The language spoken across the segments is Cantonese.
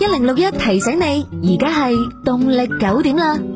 一零六一提醒你，而家係動力九點啦。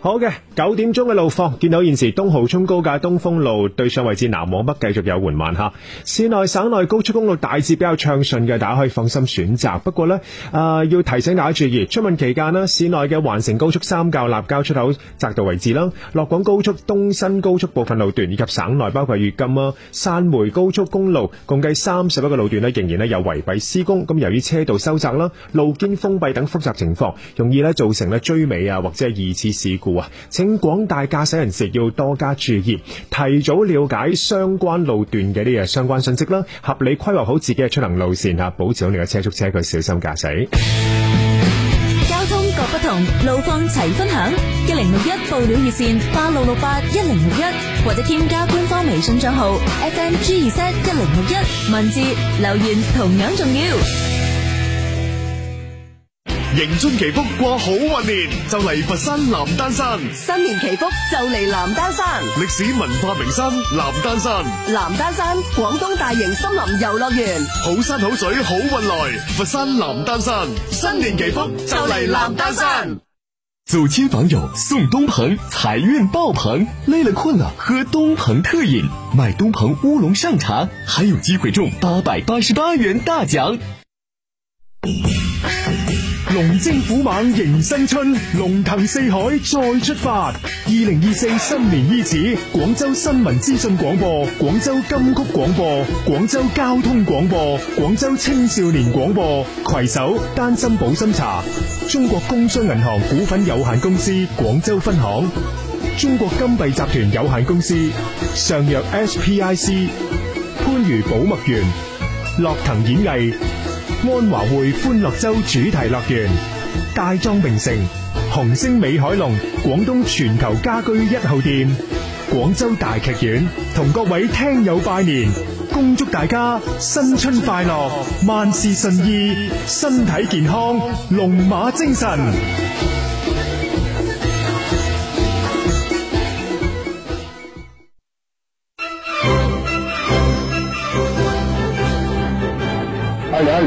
好嘅，九點鐘嘅路況，見到現時東濠涌高架東風路對上位置南往北繼續有緩慢吓。市內省內高速公路大致比較暢順嘅，大家可以放心選擇。不過咧，啊要提醒大家注意，春運期間咧，市內嘅環城高速三滘立交出口匝道位置啦，樂廣高速東新高速部分路段以及省內包括粵金啊、汕梅高速公路，共計三十一個路段咧，仍然咧有圍蔽施工。咁由於車道收窄啦、路肩封閉等複雜情況，容易咧造成咧追尾啊或者係二次事故。請廣大駕駛人士要多加注意，提早了解相關路段嘅呢啲相關信息啦，合理規劃好自己嘅出行路線，保持好你嘅車速車距，小心駕駛。交通各不同，路況齊分享，一零六一報料熱線八六六八一零六一，8668, 1061, 或者添加官方微信賬號 FMG 二三一零六一，FN-GZ-1061, 文字留言同樣重要。迎春祈福過好運年，年就嚟佛山南丹山。新年祈福就嚟南丹山，歷史文化名山南丹山，南丹山廣東大型森林遊樂園，好山好水好運來，佛山南丹山。新年祈福就嚟南丹山。走親訪友送東鵬，財運爆棚。累了困了，喝東鵬特飲，買東鵬烏龍上茶，還有機會中八百八十八元大獎。 龍精虎猛，猛迎新春，龍騰四海再出發。二零二四新年伊始，廣州新聞資訊廣播、廣州金曲廣播、廣州交通廣播、廣州青少年廣播携手丹心保心茶、中國工商銀行股份有限公司廣州分行、中國金幣集團有限公司、上藥 SPIC、番禺寶墨園、樂騰演藝。安華匯歡樂洲主題樂園、大莊名城、紅星美凱龍、廣東全球家居一號店、廣州大劇院，同各位聽友拜年，恭祝大家新春快樂，萬事順意，身體健康，龍馬精神。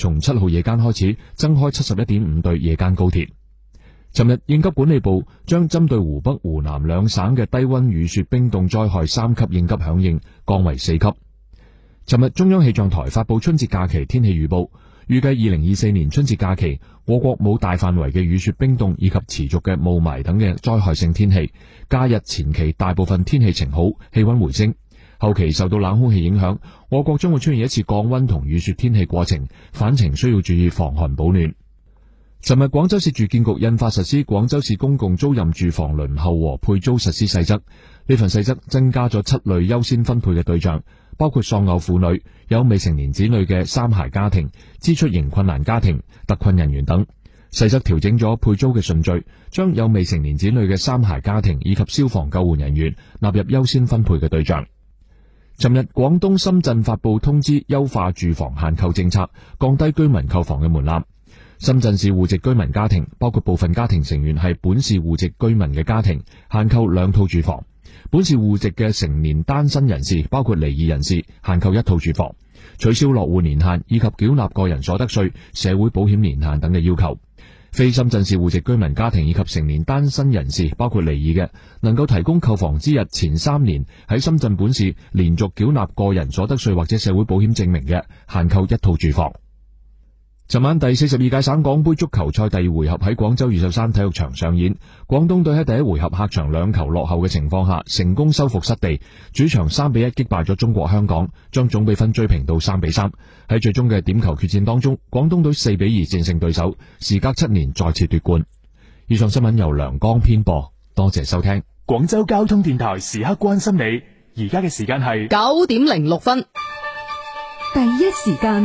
從七號夜間開始，增開七十一點五對夜間高鐵。尋日應急管理部將針對湖北、湖南兩省嘅低温雨雪冰凍災害三級應急響應降為四級。尋日中央氣象台發布春節假期天氣預報，預計二零二四年春節假期，我國冇大範圍嘅雨雪冰凍以及持續嘅霧霾等嘅災害性天氣。假日前期大部分天氣晴好，氣温回升，後期受到冷空氣影響。我國將會出現一次降溫同雨雪天氣過程，返程需要注意防寒保暖。尋日，廣州市住建局印發實施《廣州市公共租賃住房輪候和配租實施細則》。呢份細則增加咗七類優先分配嘅對象，包括喪偶婦女、有未成年子女嘅三孩家庭、支出型困難家庭、特困人員等。細則調整咗配租嘅順序，將有未成年子女嘅三孩家庭以及消防救援人員納入優先分配嘅對象。尋日，廣東深圳發布通知，優化住房限購政策，降低居民購房嘅門檻。深圳市戶籍居民家庭，包括部分家庭成員係本市戶籍居民嘅家庭，限購兩套住房；本市戶籍嘅成年單身人士，包括離異人士，限購一套住房；取消落戶年限以及繳納個人所得稅、社會保險年限等嘅要求。非深圳市戶籍居民家庭以及成年單身人士，包括離異嘅，能夠提供購房之日前三年喺深圳本市連續繳納個人所得稅或者社會保險證明嘅，限購一套住房。尋晚第四十二屆省港杯足球賽第二回合喺廣州越秀山體育場上演，廣東隊喺第一回合客場兩球落後嘅情況下，成功收復失地，主場三比一擊敗咗中國香港，將總比分追平到三比三。喺最終嘅點球決戰當中，廣東隊四比二戰勝對手，時隔七年再次奪冠。以上新聞由梁江編播，多謝收聽。廣州交通電台，時刻關心你。而家嘅時間係九點零六分，第一時間。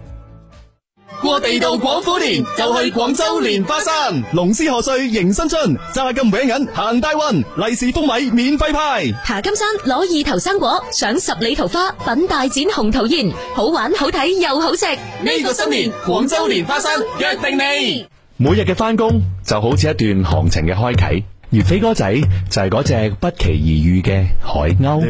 過地道廣府年，就去廣州蓮花山，龍獅賀歲迎新春，扎金搲銀行大運，利是豐美免費派，爬金山攞二頭生果，賞十里桃花品大展紅桃宴，好玩好睇又好食，呢、這個新年廣州蓮花山約定你。每日嘅翻工，就好似一段行程嘅開啟。如飛哥仔就係嗰隻不期而遇嘅海鷗。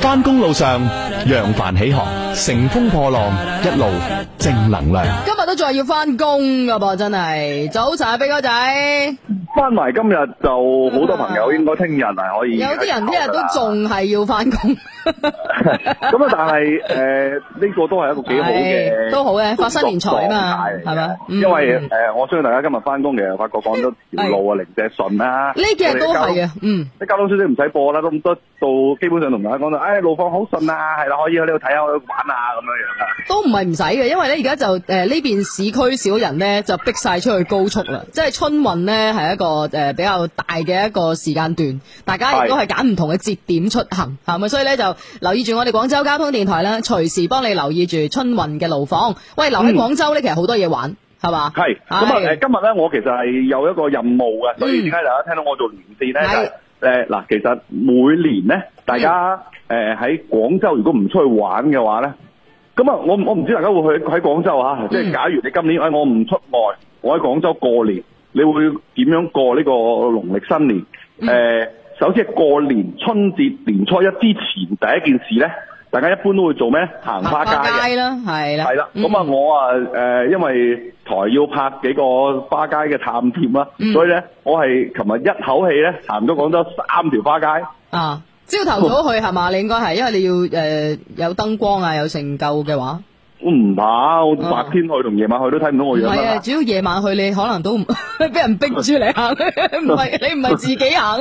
翻工路上，揚帆起航，乘風破浪，一路正能量。今日都仲要翻工㗎噃，真係早晨啊，飛哥仔。翻埋今日就好多朋友，應該聽日係可以、嗯。有啲人聽日都仲係要翻工。 咁啊！但係誒，呢個都係一個幾好嘅，都好嘅，發新年財啊嘛，係嘛？因為誒，我相信大家今日翻工嘅又發覺講咗條路啊，零舍順啦，呢幾日都係啊，嗯，啲交通消息唔使播啦，咁多到基本上同大家講到，誒，路況好順啊，係啦，可以喺呢度睇下，去玩啊，咁樣樣噶，都唔係唔使嘅，因為咧而家就誒呢邊市區少人咧，就逼晒出去高速啦。即係春運咧，係一個誒比較大嘅一個時間段，大家亦都係揀唔同嘅節點出行，係咪？所以咧就。留意住我哋廣州交通電台啦，隨時幫你留意住春運嘅路況。喂，留喺廣州咧，其實好多嘢玩，係嘛？係咁啊！誒，今日咧，我其實係有一個任務嘅，所以點解大家聽到我做連線咧，就誒嗱，其實每年咧，大家誒喺廣州，如果唔出去玩嘅話咧，咁啊，我我唔知大家會去喺廣州吓。即係，假如你今年誒我唔出外，我喺廣州過年，你會點樣過呢個農曆新年？誒。首先係過年春節年初一之前第一件事咧，大家一般都會做咩？行花街行花街啦，係啦。係啦，咁、嗯、啊，我啊、呃，因為台要拍幾個花街嘅探店啦，所以咧，我係琴日一口氣咧行咗廣州三條花街。啊，朝頭早去係嘛？ 你應該係，因為你要誒、呃、有燈光啊，有成就嘅話。我唔怕，我白天去同夜晚去都睇唔到我樣。係啊，主要夜晚去你可能都唔俾 人逼住 你。行，唔係你唔係自己行。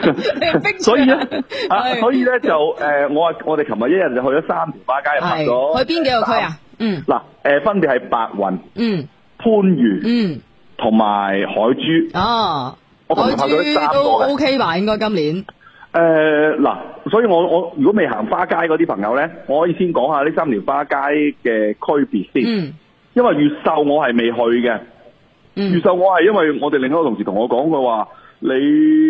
所以咧 所以， 所以咧就誒、呃，我我哋琴日一日就去咗三條花街，行咗。去邊幾個區啊？嗯，嗱、呃，誒、呃，分別係白雲、嗯，番禺、嗯，同埋海珠。哦、啊，海珠我三都 OK 吧？應該今年。誒、呃、嗱，所以我我如果未行花街嗰啲朋友咧，我可以先講下呢三條花街嘅區別先。嗯，因為越秀我係未去嘅。嗯、越秀我係因為我哋另一個同事同我講佢話，你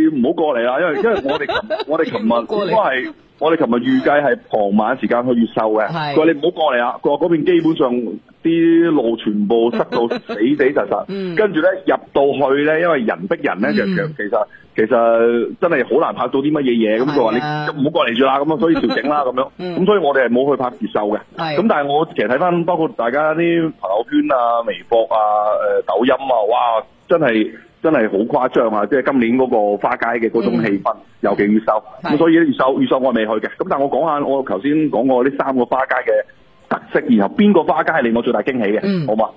唔好過嚟啦，因為因為我哋 我哋琴日都係我哋琴日預計係傍晚時間去越秀嘅，佢話你唔好過嚟啦，佢話嗰邊基本上啲路全部塞到死死實實、嗯，其實，跟住咧入到去咧，因為人逼人咧，就其實。其實真係好難拍到啲乜嘢嘢，咁就話你唔好過嚟住啦，咁啊，所以調整啦，咁、 嗯、樣，咁所以我哋係冇去拍越秀嘅。咁、啊、但係我其實睇翻，包括大家啲朋友圈啊、微博啊、誒、呃、抖音啊，哇，真係真係好誇張啊！即、就、係、是、今年嗰個花街嘅嗰種氣氛，尤其越秀。咁、啊、所以越秀，越秀我係未去嘅。咁但係我講下我頭先講過呢三個花街嘅特色，然後邊個花街係令我最大驚喜嘅、嗯？好嘛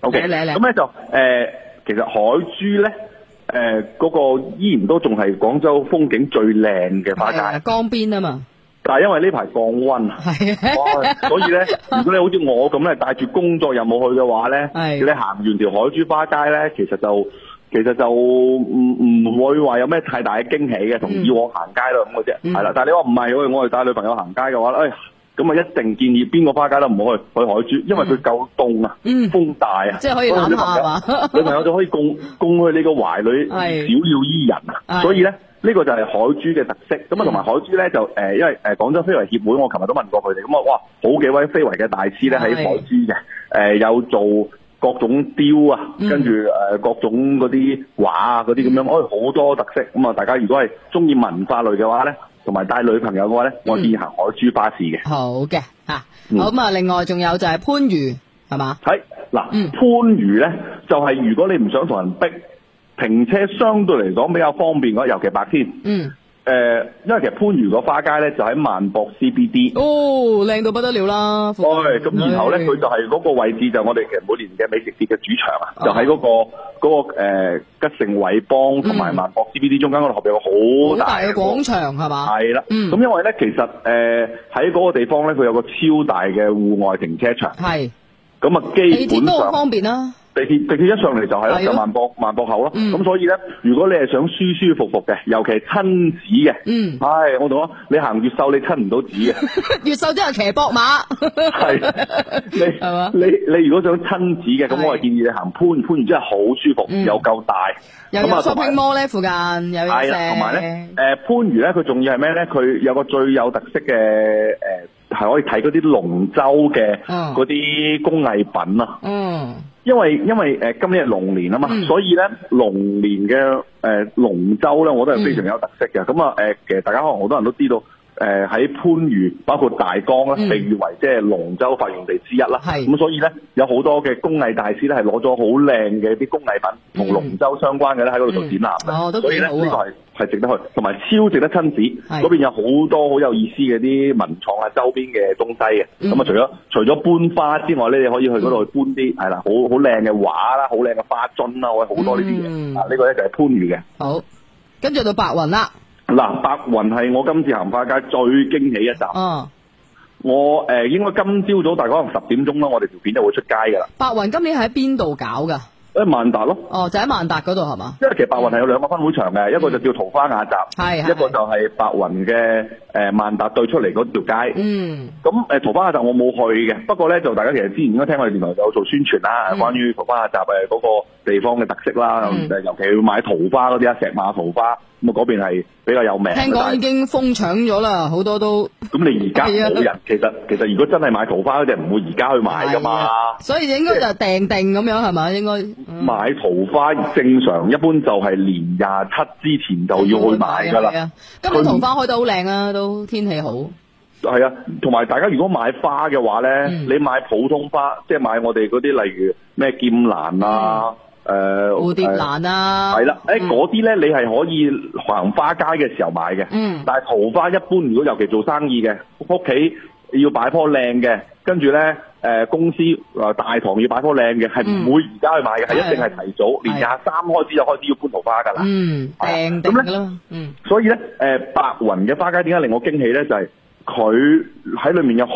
？OK，咁咧就誒、呃，其實海珠咧。誒、呃、嗰、那個依然都仲係廣州風景最靚嘅花街，江邊啊嘛。但係因為呢排降温，係， 所以咧，如果你好似我咁咧帶住工作又冇去嘅話咧，你行完條海珠花街咧，其實就其實就唔唔會話有咩太大嘅驚喜嘅，同意我行街啦咁嘅啫，係、嗯、啦。但係你話唔係，我我哋帶女朋友行街嘅話，誒、哎。咁啊，一定建議邊個花街都唔好去，去海珠，因為佢夠凍啊、嗯，風大啊，即係可以玩下嘛？女朋友就可以供 供去你個懷裏，小鳥依人啊！所以咧，呢個就係海珠嘅特色。咁啊，同埋海珠咧就誒、呃，因為誒廣州非遺協會，我琴日都問過佢哋咁啊，哇，好幾位非遺嘅大師咧喺海珠嘅，誒、呃、有做各種雕啊，跟住、呃、各種嗰啲畫啊嗰啲咁樣，可以好多特色。咁啊，大家如果係中意文化類嘅話咧。同埋帶女朋友嘅話咧，我建議行海珠巴士嘅。好嘅、啊嗯，好，咁啊，另外仲有就係番禺，係嘛？係嗱，番禺咧就係、係、如果你唔想同人逼停車，相對嚟講比較方便嘅，尤其白天。嗯。誒、呃，因為其實番禺個花街咧就喺萬博 CBD，哦，靚到不得了啦！咁然後咧佢、哎哎哎、就係嗰個位置就係、我哋其實每年嘅美食節嘅主場啊、哎，就喺嗰、嗰個嗰、嗰個誒、呃、吉盛偉邦同埋萬博 CBD 中間嗰度，後邊有個好大嘅廣場係嘛？係啦，咁、嗯、因為咧其實誒喺嗰個地方咧，佢有個超大嘅戶外停車場，係，咁啊基本都好方便啦、啊。地鐵地鐵一上嚟就係咯，就萬博萬博口咯。咁、嗯、所以咧，如果你係想舒舒服服嘅，尤其係親子嘅，嗯，係、哎、我同你講，你行越秀你親唔到子嘅， 越秀即係騎膊馬，係你係嘛？你係嘛你，你，你如果想親子嘅，咁我係建議你行番番禺，番禺真係好舒服、嗯、有夠大，有個 shopping mall 咧，附近有一隻。同埋咧，誒番禺咧，佢仲要係咩咧？佢有個最有特色嘅誒，係、呃、可以睇嗰啲龍舟嘅嗰啲工藝品啊。嗯。因為因為誒、呃，今年係龍年啊嘛，嗯，所以咧龍年嘅誒龍舟咧，我覺得係非常有特色嘅。咁啊誒，其實、呃、大家可能好多人都知道，誒喺番禺包括大江咧，嗯，被譽為即係龍舟發源地之一啦。咁、嗯、所以咧，有好多嘅工藝大師咧，係攞咗好靚嘅啲工藝品同龍舟相關嘅咧喺度做展覽，嗯哦、所以咧呢、呢個係。係值得去，同埋超值得親子。嗰邊有好多好有意思嘅啲文創啊，周邊嘅東西嘅。咁、嗯、啊，除咗除咗搬花之外，你哋可以去嗰度搬啲係啦，好好靚嘅畫啦，好靚嘅花樽啦，好多呢啲嘢。啊，呢、這個咧就係番禺嘅。好，跟住到白雲啦。嗱、啊，白雲係我今次行花街最驚喜嘅一站。嗯、哦。我誒、呃，應該今朝早大概可能十點鐘啦，我哋條片就會出街噶啦。白雲今年係喺邊度搞噶？喺萬達咯，哦，就喺萬達嗰度係嘛？因為其實白雲係有兩個分會場嘅，嗯，一個就叫桃花雅集，係，嗯，一個就係白雲嘅誒萬達對出嚟嗰條街。嗯，咁誒桃花雅集我冇去嘅，不過咧就大家其實之前應該聽我哋電台有做宣傳啦，嗯，關於桃花雅集嘅嗰個地方嘅特色啦，嗯，尤其要買桃花嗰啲啊，石馬桃花，咁啊嗰邊係。比較有名，聽講已經瘋搶咗啦，好多都。咁你而家冇人，其實其實如果真係買桃花，就唔會而家去買噶嘛的。所以應該就訂定咁樣係咪？就是，應該、嗯。買桃花正常一般就係年廿七之前就要去買噶啦。係啊，今日桃花開得好靚啊，都天氣好。係啊，同埋大家如果買花嘅話咧、嗯，你買普通花，即係買我哋嗰啲例如咩劍蘭啊。嗯誒、呃，蝴蝶蘭啊，係啦，誒嗰啲咧，你係可以行花街嘅時候買嘅。嗯，但係桃花一般，如果尤其做生意嘅屋企要擺棵靚嘅，跟住咧，誒、呃、公司大堂要擺棵靚嘅，係唔會而家去買嘅，係、嗯、一定係提早，年廿三開始就開始要搬桃花噶啦。嗯，靚啲咯。嗯，所以咧，誒、呃、白雲嘅花街點解令我驚喜咧？就係佢喺裏面有好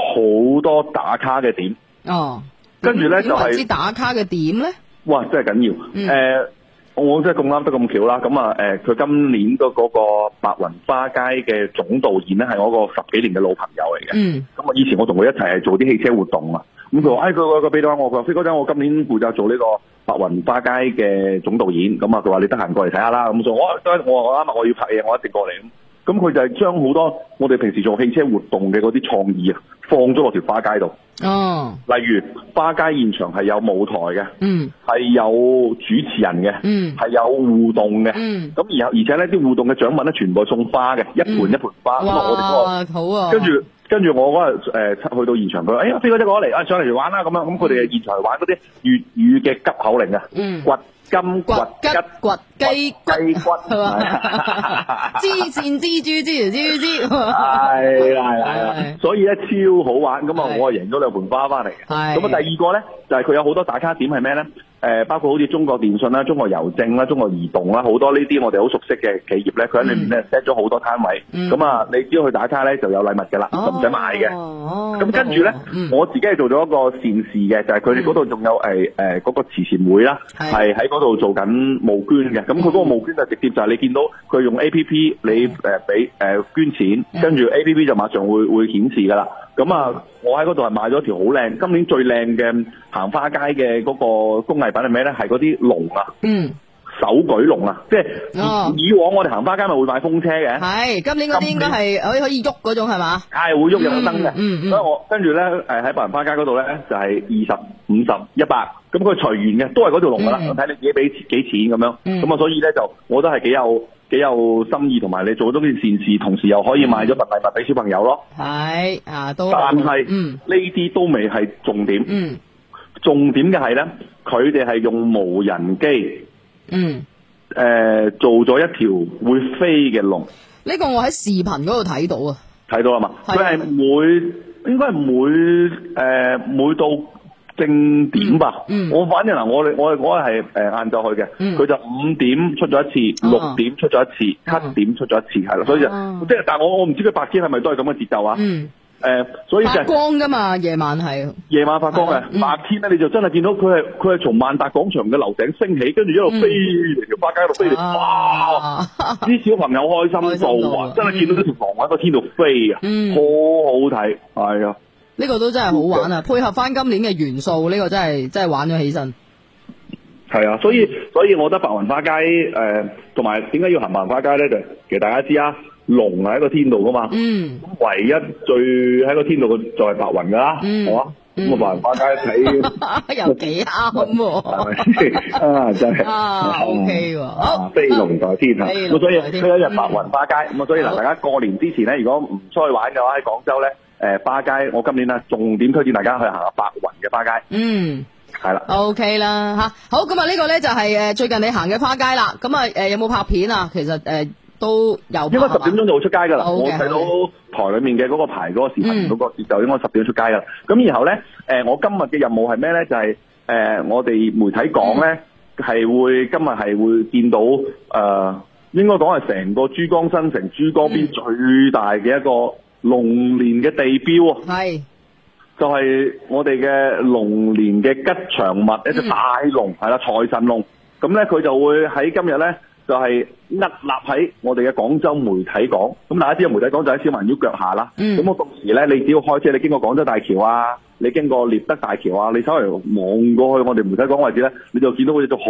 多打卡嘅點。哦，跟住咧就係、知、打卡嘅點咧。哇！真係緊要，誒、呃，mm. 我真係咁啱得咁巧啦，咁、呃、啊，佢今年都嗰個白雲花街嘅總導演咧，係我個十幾年嘅老朋友嚟嘅，咁啊，以前我同佢一齊係做啲汽車活動啊，咁佢話，哎，佢佢俾到我，佢話，飛哥仔，我今年負責做呢個白雲花街嘅總導演，咁啊，佢話你得閒過嚟睇下啦，咁就我，我話我啱啱我要拍嘢，我一直過嚟。咁佢就係將好多我哋平時做汽車活動嘅嗰啲創意啊，放咗落條花街度。哦，例如花街現場係有舞台嘅，嗯，係有主持人嘅，嗯，係有互動嘅，嗯。咁然後而且咧，啲互動嘅獎品咧，全部送花嘅，一盆一盆花。嗯、哇，好啊。跟住跟住我嗰日誒去到現場佢話，哎，飛哥一個嚟，啊上嚟玩啦咁樣。咁佢哋嘅現場玩嗰啲粵語嘅急口令啊，嗯，金骨雞骨雞骨雞骨，係係啊？蜘蛛蜘蛛蜘蛛蜘蛛，係啦係啦，所以咧超好玩，咁啊我啊贏咗兩盆花翻嚟嘅，咁啊第二個咧就係、是、佢有好多打卡點係咩咧？誒包括好似中國電信啦、中國郵政啦、中國移動啦，好多呢啲我哋好熟悉嘅企業咧，佢喺裏面咧 set 咗好多攤位，咁、嗯、啊，你只要去打卡咧就有禮物嘅啦，就唔使買嘅。咁、哦、跟住咧、哦，我自己係做咗一個善事嘅，就係佢哋嗰度仲有嗰、嗯呃嗰個慈善會啦，係喺嗰度做緊募捐嘅。咁佢嗰個募捐就直接就係你見到佢用 A P P，你誒俾誒捐錢，嗯、跟住 A P P 就馬上會會顯示㗎啦。咁啊，嗯、我喺嗰度係買咗條好靚，今年最靚嘅行花街嘅嗰個工藝品係咩咧？係嗰啲龍啊，手、嗯、舉龍啊，即係以往我哋行花街咪會買風車嘅。係今年嗰啲應該係可以可以喐嗰種係嘛？係會喐有燈嘅。所以我跟住咧，誒喺白雲花街嗰度咧就係二十五十、一百，咁佢隨緣嘅，都係嗰條龍噶啦。睇、嗯、你自己俾幾錢咁樣，咁啊，所以咧就我都覺得係幾有幾有心意，同埋你做咗件善事，同時又可以買咗份禮物俾小朋友咯。係、哎、啊，都但係呢啲都未係重點，嗯、重點嘅係咧。佢哋係用無人機，嗯，誒、呃、做咗一條會飛嘅龍。呢、這個我喺視頻嗰度睇到啊，睇到啊嘛？佢係每應該係每誒、呃、每到正點吧。嗯嗯、我反正嗱，我哋我我係誒晏晝去嘅，佢、嗯、就五點出咗一次，六、啊、點出咗一次，七點出咗一次，係、啊、啦，所以就即係但係我我唔知佢白天係咪都係咁嘅節奏啊。嗯。誒、嗯，所以係、就、發、是、光噶嘛，夜晚係夜晚發光嘅、嗯，白天咧你就真係見到佢係佢係從萬達廣場嘅樓頂升起，跟住一路飛，條、嗯、花街度飛嚟、啊，哇！啲、啊、小朋友開心到、嗯、真係見到啲條龍喺個天度飛啊，嗯、好好睇，係啊！呢、這個都真係好玩啊，配合翻今年嘅元素，呢、這個真係真係玩咗起身。係啊，所以所以我覺得白雲花街誒，同埋點解要行白雲花街咧？就其實大家知啊。龍係喺個天度噶嘛？嗯，唯一最喺個天度嘅就係白雲噶啦，好吖？咁啊白雲花街睇，有幾啱喎，係咪先？啊真係，啊 O K 喎，飛龍在天啊！咁所以呢一日白雲花街，咁啊所以嗱，大家過年之前咧，如果唔出去玩嘅話，喺廣州咧，誒花街，我今年啊重點推薦大家去行下白雲嘅花街。嗯，係啦。O K 啦，吓好咁啊！呢個咧就係誒最近你行嘅花街啦。咁啊誒有冇拍片啊？其實誒。都有應該十點鐘就會出街噶啦，okay, 我睇到台裏面嘅嗰個牌個時個時、嗯、嗰個視頻嗰個就應該十點出街噶啦。咁然後咧、呃，我今日嘅任務係咩咧？就係、係呃、我哋媒體講咧，係、嗯、會今日係會見到誒、呃，應該講係成個珠江新城、嗯、珠江邊最大嘅一個龍年嘅地標啊！係、嗯、就係、係、我哋嘅龍年嘅吉祥物、嗯，一隻大龍，係啦，財神龍。咁咧佢就會喺今日咧。就係、是、屹立喺我哋嘅廣州媒體港。咁，大家知道媒體港就喺小蠻腰腳下啦。咁、嗯、我到時咧，你只要開車，你經過廣州大橋啊。你經過獵德大橋啊！你稍微望過去，我哋媒體港位置咧，你就見到好似隻好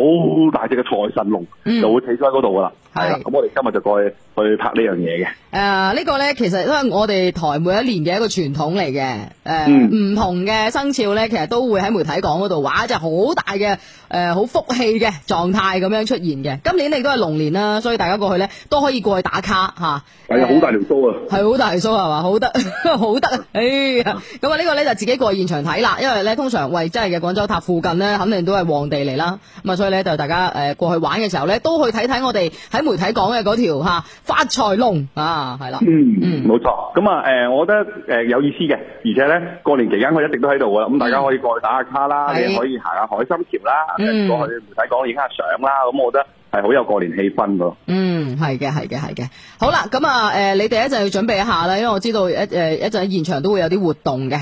大隻嘅財神龍，嗯、就會企咗喺嗰度噶啦。係啊，咁我哋今日就過去去拍這件事、呃這個、呢樣嘢嘅。誒，呢個咧其實都係我哋台每一年嘅一個傳統嚟嘅。誒、呃，唔、嗯、同嘅生肖咧，其實都會喺媒體港嗰度畫一隻好大嘅誒，好、呃、福氣嘅狀態咁樣出現嘅。今年你都係龍年啦、啊，所以大家過去咧都可以過去打卡嚇。係啊，好、嗯、大條須啊！係好大條須係嘛？好得，好 得，哎呀！咁啊，呢個咧就自己過現場睇啦，因為咧通常喂真係嘅廣州塔附近咧，肯定都係旺地嚟啦。咁啊，所以咧就大家誒過去玩嘅時候咧，都去睇睇我哋喺媒體講嘅嗰條吓發財龍啊，係啦。嗯，冇錯。咁啊誒，我覺得誒有意思嘅，而且咧過年期間我一直都喺度嘅，咁大家可以過去打下卡啦，你可以行下海心橋啦，過去媒體講影下相啦。咁我覺得係好有過年氣氛嘅。嗯，係嘅，係嘅，係嘅。好啦，咁啊誒，你哋一陣要準備一下啦，因為我知道一誒一陣喺現場都會有啲活動嘅。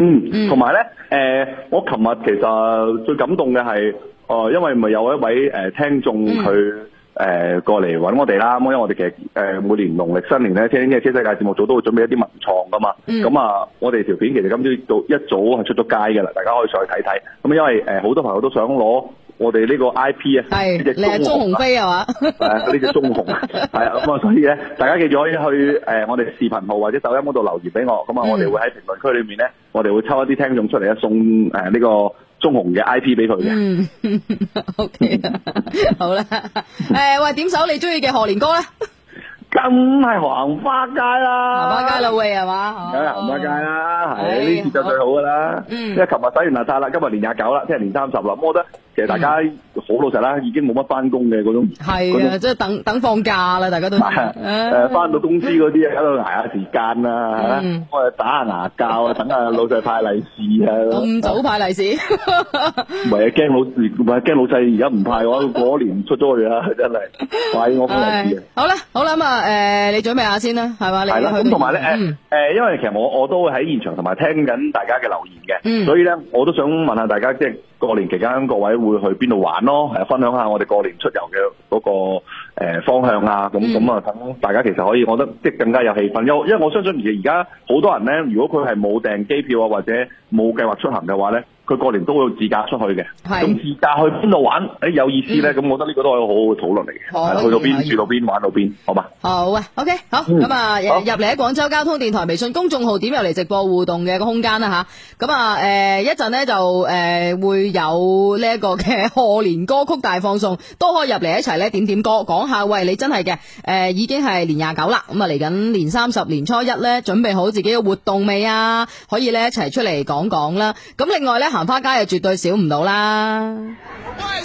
嗯，同埋咧，誒、嗯呃，我琴日其實最感動嘅係，哦、呃，因為咪有一位誒、呃、聽眾佢誒、呃、過嚟揾我哋啦。咁因為我哋其實、呃、每年農曆新年咧，車天車地車世界節目組都會準備一啲文創噶嘛。咁、嗯嗯、啊，我哋條片其實今朝早都一早係出咗街噶啦，大家可以上去睇睇。咁因為誒好、呃、多朋友都想攞。我哋呢個 I P 啊，呢隻棕熊，你係棕熊飛係嘛？誒，呢隻棕熊，係咁啊！所以咧，大家記住可以去誒，我哋視頻號或者抖音嗰度留言俾我，咁啊，我哋會喺評論區裏面咧，我哋會抽一啲聽眾出嚟，啊，送誒呢個棕熊嘅 I P 俾佢嘅。嗯，OK，好啦，誒，喂，點首你中意嘅賀年歌咧？梗係行花街啦，行花街啦，喂，係嘛？梗係行花街啦，係呢次就最好噶啦。嗯，因為琴日洗完邋遢啦，今日年廿九啦，聽日年三十啦，咁我覺得，其實大家好老實啦，已經冇乜翻工嘅嗰種，係啊，即係等等放假啦，大家都誒，誒，翻到公司嗰啲喺度挨下時間啦，吓，我哋打下牙骹啊，等下老細派利是，啊，咁早派利是，唔係啊，驚老唔係驚老細而家唔派嘅話，嗰年出咗去啦，真係，係我好留意嘅。好啦，好啦咁啊，誒，你準備下先啦，係嘛，係啦，咁同埋咧，誒，誒，因為其實我我都會喺現場同埋聽緊大家嘅留言嘅，所以咧，我都想問下大家，即係過年期間各位會。會去邊度玩咯，係分享下我哋過年出遊嘅嗰個誒方向啊，咁咁啊，等大家其實可以，我覺得即係更加有氣氛。因因為我相信而家好多人咧，如果佢係冇訂機票啊，或者冇計劃出行嘅話咧。佢過年都會自駕出去嘅，咁自駕去邊度玩？誒有意思咧，咁我覺得呢個都係好好嘅討論嚟嘅，係去到邊住到邊玩到邊，好嘛？好啊，OK，好咁啊，入嚟喺廣州交通電台微信公眾號點入嚟直播互動嘅個空間啦嚇，咁啊誒一陣咧就誒會有呢一個嘅賀年歌曲大放送，都可以入嚟一齊咧點點歌，講下喂你真係嘅誒已經係年廿九啦，咁啊嚟緊年三十年初一咧，準備好自己嘅活動未啊？可以咧一齊出嚟講講啦。咁另外咧。行花街又絕對少唔到啦。喂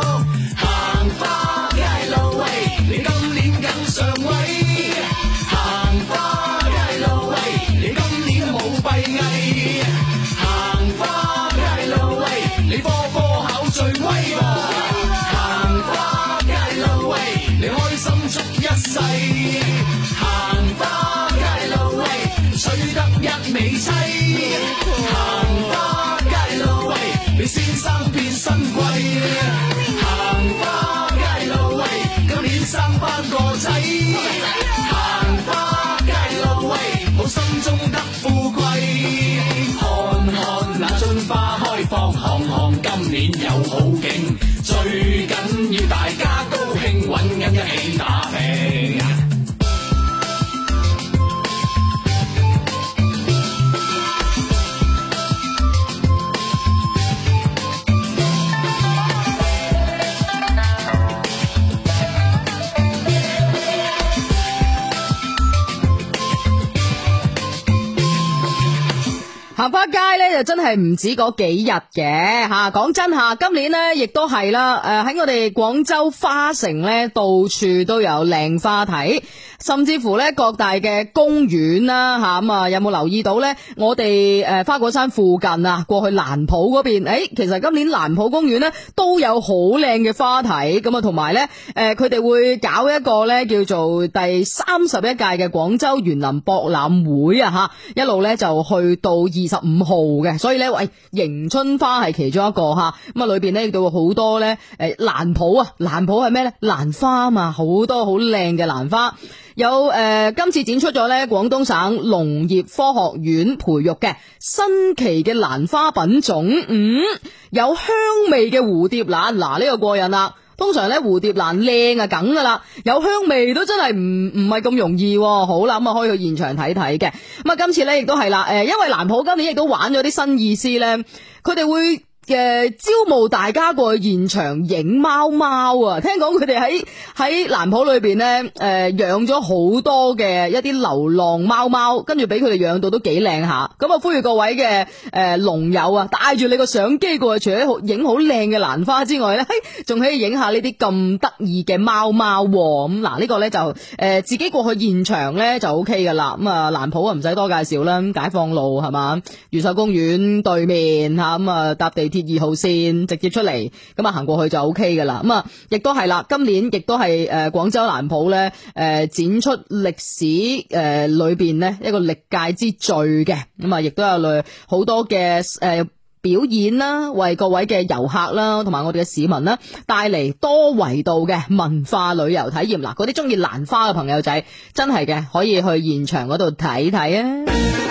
真係唔止嗰幾日嘅吓，講真吓，今年咧亦都係啦，誒，喺我哋廣州花城咧，到處都有靚花睇。甚至乎呢各大嘅公園啦，吓咁啊，有冇留意到呢？我哋誒花果山附近啊，過去蘭圃嗰邊，誒，其實今年蘭圃公園呢都有好靚嘅花睇，咁啊，同埋呢，誒，佢哋會搞一個呢叫做第三十一屆嘅廣州園林博覽會啊，吓一路呢就去到二十五號嘅，所以呢，喂，哎，迎春花係其中一個吓，咁啊，裏邊呢亦都會好多呢。誒，蘭圃啊，蘭圃係咩呢？蘭花啊嘛，好多好靚嘅蘭花。有誒、呃，今次展出咗咧，廣東省農業科學院培育嘅新奇嘅蘭花品種，嗯，有香味嘅蝴蝶蘭，嗱、啊、呢、這個過癮啦。通常呢，蝴蝶蘭靚啊梗噶啦，有香味都真係唔唔係咁容易、啊。好啦，咁、嗯、啊可以去現場睇睇嘅。咁、嗯、啊，今次呢，亦都係啦，誒，因為蘭圃今年亦都玩咗啲新意思呢，佢哋會。嘅招募大家過去現場影貓貓啊聽說，聽講佢哋喺喺蘭圃裏邊咧，誒養咗好多嘅一啲流浪貓貓，跟住俾佢哋養到都幾靚下。咁、嗯、啊，呼籲各位嘅誒龍友啊，帶住你個相機過去，除咗影好靚嘅蘭花之外咧，仲、哎、可以影下貓貓，啊嗯啊這個，呢啲咁得意嘅貓貓。咁嗱，呢個咧就誒自己過去現場咧就 O K 噶啦。咁、嗯、啊，蘭圃啊唔使多介紹啦，解放路係嘛，越秀公園對面吓，咁啊、嗯、搭地鐵。二號線直接出嚟，咁啊行過去就 OK 㗎啦。咁啊，亦都係啦，今年亦都係誒廣州蘭圃呢誒展出歷史誒裏邊呢一個歷屆之最嘅。咁啊，亦都有嚟好多嘅誒表演啦，為各位嘅遊客啦同埋我哋嘅市民啦帶嚟多維度嘅文化旅遊體驗。嗱，嗰啲鍾意蘭花嘅朋友仔，真係嘅可以去現場嗰度睇睇啊！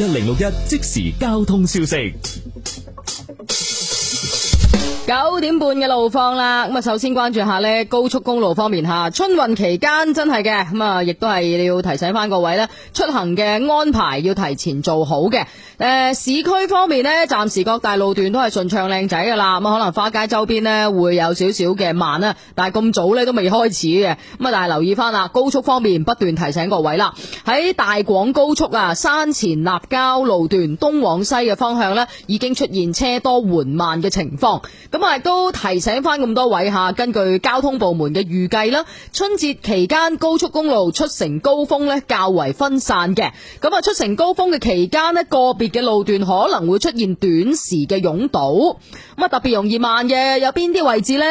一零六一即時交通消息，九點半嘅路況啦。咁啊，首先關注下呢高速公路方面吓，春運期間真係嘅，咁啊，亦都係要提醒翻各位呢，出行嘅安排要提前做好嘅。誒、呃，市區方面呢，暫時各大路段都係順暢靚仔噶啦，咁可能花街周邊呢，會有少少嘅慢啦，但係咁早呢都未開始嘅，咁啊但係留意翻啦，高速方面不斷提醒各位啦，喺大廣高速啊山前立交路段東往西嘅方向呢，已經出現車多緩慢嘅情況，咁啊都提醒翻咁多位吓，根據交通部門嘅預計啦，春節期間高速公路出城高峰呢較為分散嘅，咁啊出城高峰嘅期間呢，個別。嘅路段可能會出現短時嘅擁堵，咁特別容易慢嘅有邊啲位置呢？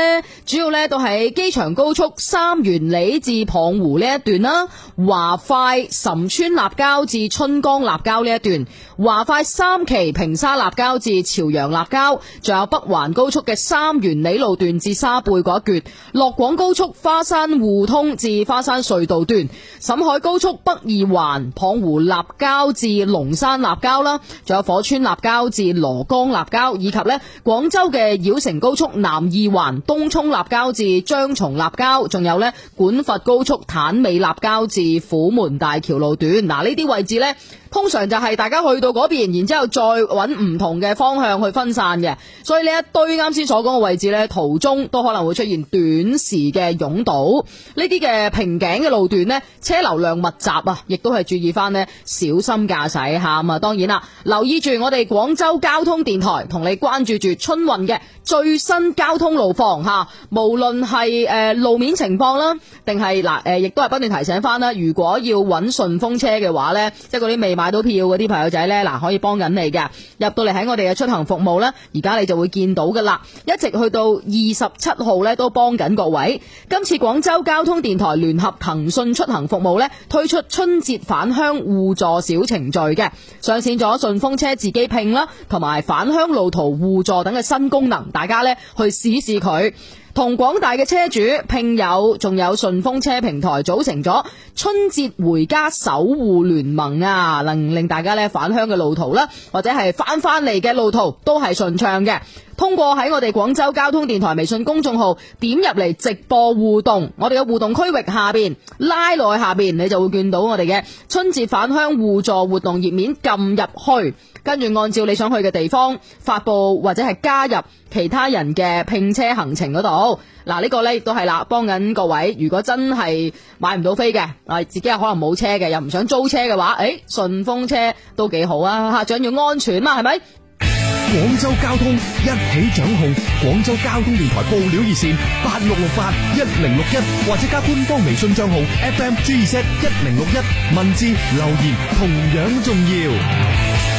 主要呢都係機場高速三元里至蚌湖呢一段啦，華快岑村立交至春江立交呢一段，華快三期平沙立交至朝陽立交，仲有北環高速嘅三元里路段至沙貝嗰一段。洛廣高速花山互通至花山隧道段，沈海高速北二環蚌湖立交至龍山立交啦。仲有火村立交至蘿崗立交，以及咧廣州嘅繞城高速南二環東涌立交至張松立交，仲有咧莞佛高速坦尾立交至虎門大橋路段，嗱呢啲位置咧。通常就係大家去到嗰邊，然之後再揾唔同嘅方向去分散嘅，所以呢一堆啱先所講嘅位置咧，途中都可能會出現短時嘅擁堵，呢啲嘅瓶頸嘅路段咧，車流量密集啊，亦都係注意翻咧，小心駕駛吓。咁啊，當然啦，留意住我哋廣州交通電台同你關注住春運嘅最新交通路況吓，無論係誒路面情況啦，定係嗱誒，亦都係不斷提醒翻啦，如果要揾順風車嘅話咧，即係啲未買到票嗰啲朋友仔呢，嗱，可以幫緊你㗎，入到嚟喺我哋嘅出行服務呢，而家你就會見到㗎喇，一直去到二十七號呢，都幫緊各位。今次廣州交通電台聯合騰訊出行服務呢，推出春節返鄉互助小程序嘅，上線咗順風車自己拼啦，同埋返鄉路途互助等嘅新功能，大家呢去試試佢。同廣大嘅車主、拼友，仲有順風車平台組成咗春節回家守護聯盟啊，能令大家咧返鄉嘅路途啦，或者係返返嚟嘅路途都係順暢嘅。通過喺我哋廣州交通電台微信公眾號，點入嚟直播互動，我哋嘅互動區域下面，拉落去下面，你就會見到我哋嘅，春節返鄉互助活動頁面撳入去，跟住按照你想去嘅地方，發布或者係加入其他人嘅拼車行程嗰度。嗱，呢個呢都係喇，幫緊各位，如果真係買唔到飛嘅，自己又可能冇車嘅，又唔想租車嘅話，咦，順風車都幾好啊，最緊要安全啦，係咪？廣州交通一起掌控，廣州交通電台報料熱線八六六八一零六一，或者加官方微信賬號 FM GZ 一零六一，FM-GZ-1061，文字留言同樣重要。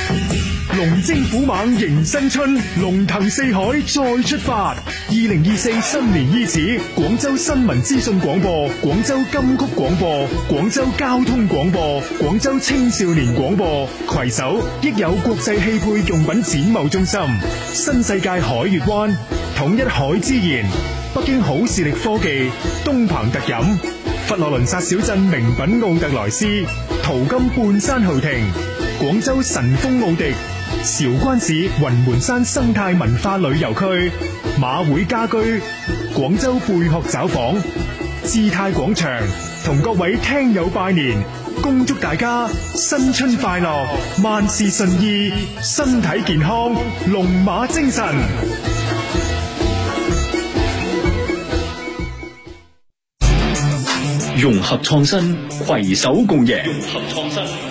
龍精虎猛，猛迎新春，龍騰四海再出發。二零二四新年伊始，廣州新聞資訊廣播、廣州金曲廣播、廣州交通廣播、廣州青少年廣播攜手，益有國際汽配用品展貿中心、新世界海月灣、統一海之言、北京好視力科技、東鵬特飲、佛羅倫薩小鎮名品奧特萊斯、淘金半山豪庭、廣州神風奧迪。韶關市雲門山生態文化旅遊區、馬會家居、廣州貝殼找房、姿態廣場，同各位聽友拜年，恭祝大家新春快樂，萬事順意，身體健康，龍馬精神。融合創新，攜手共贏。融合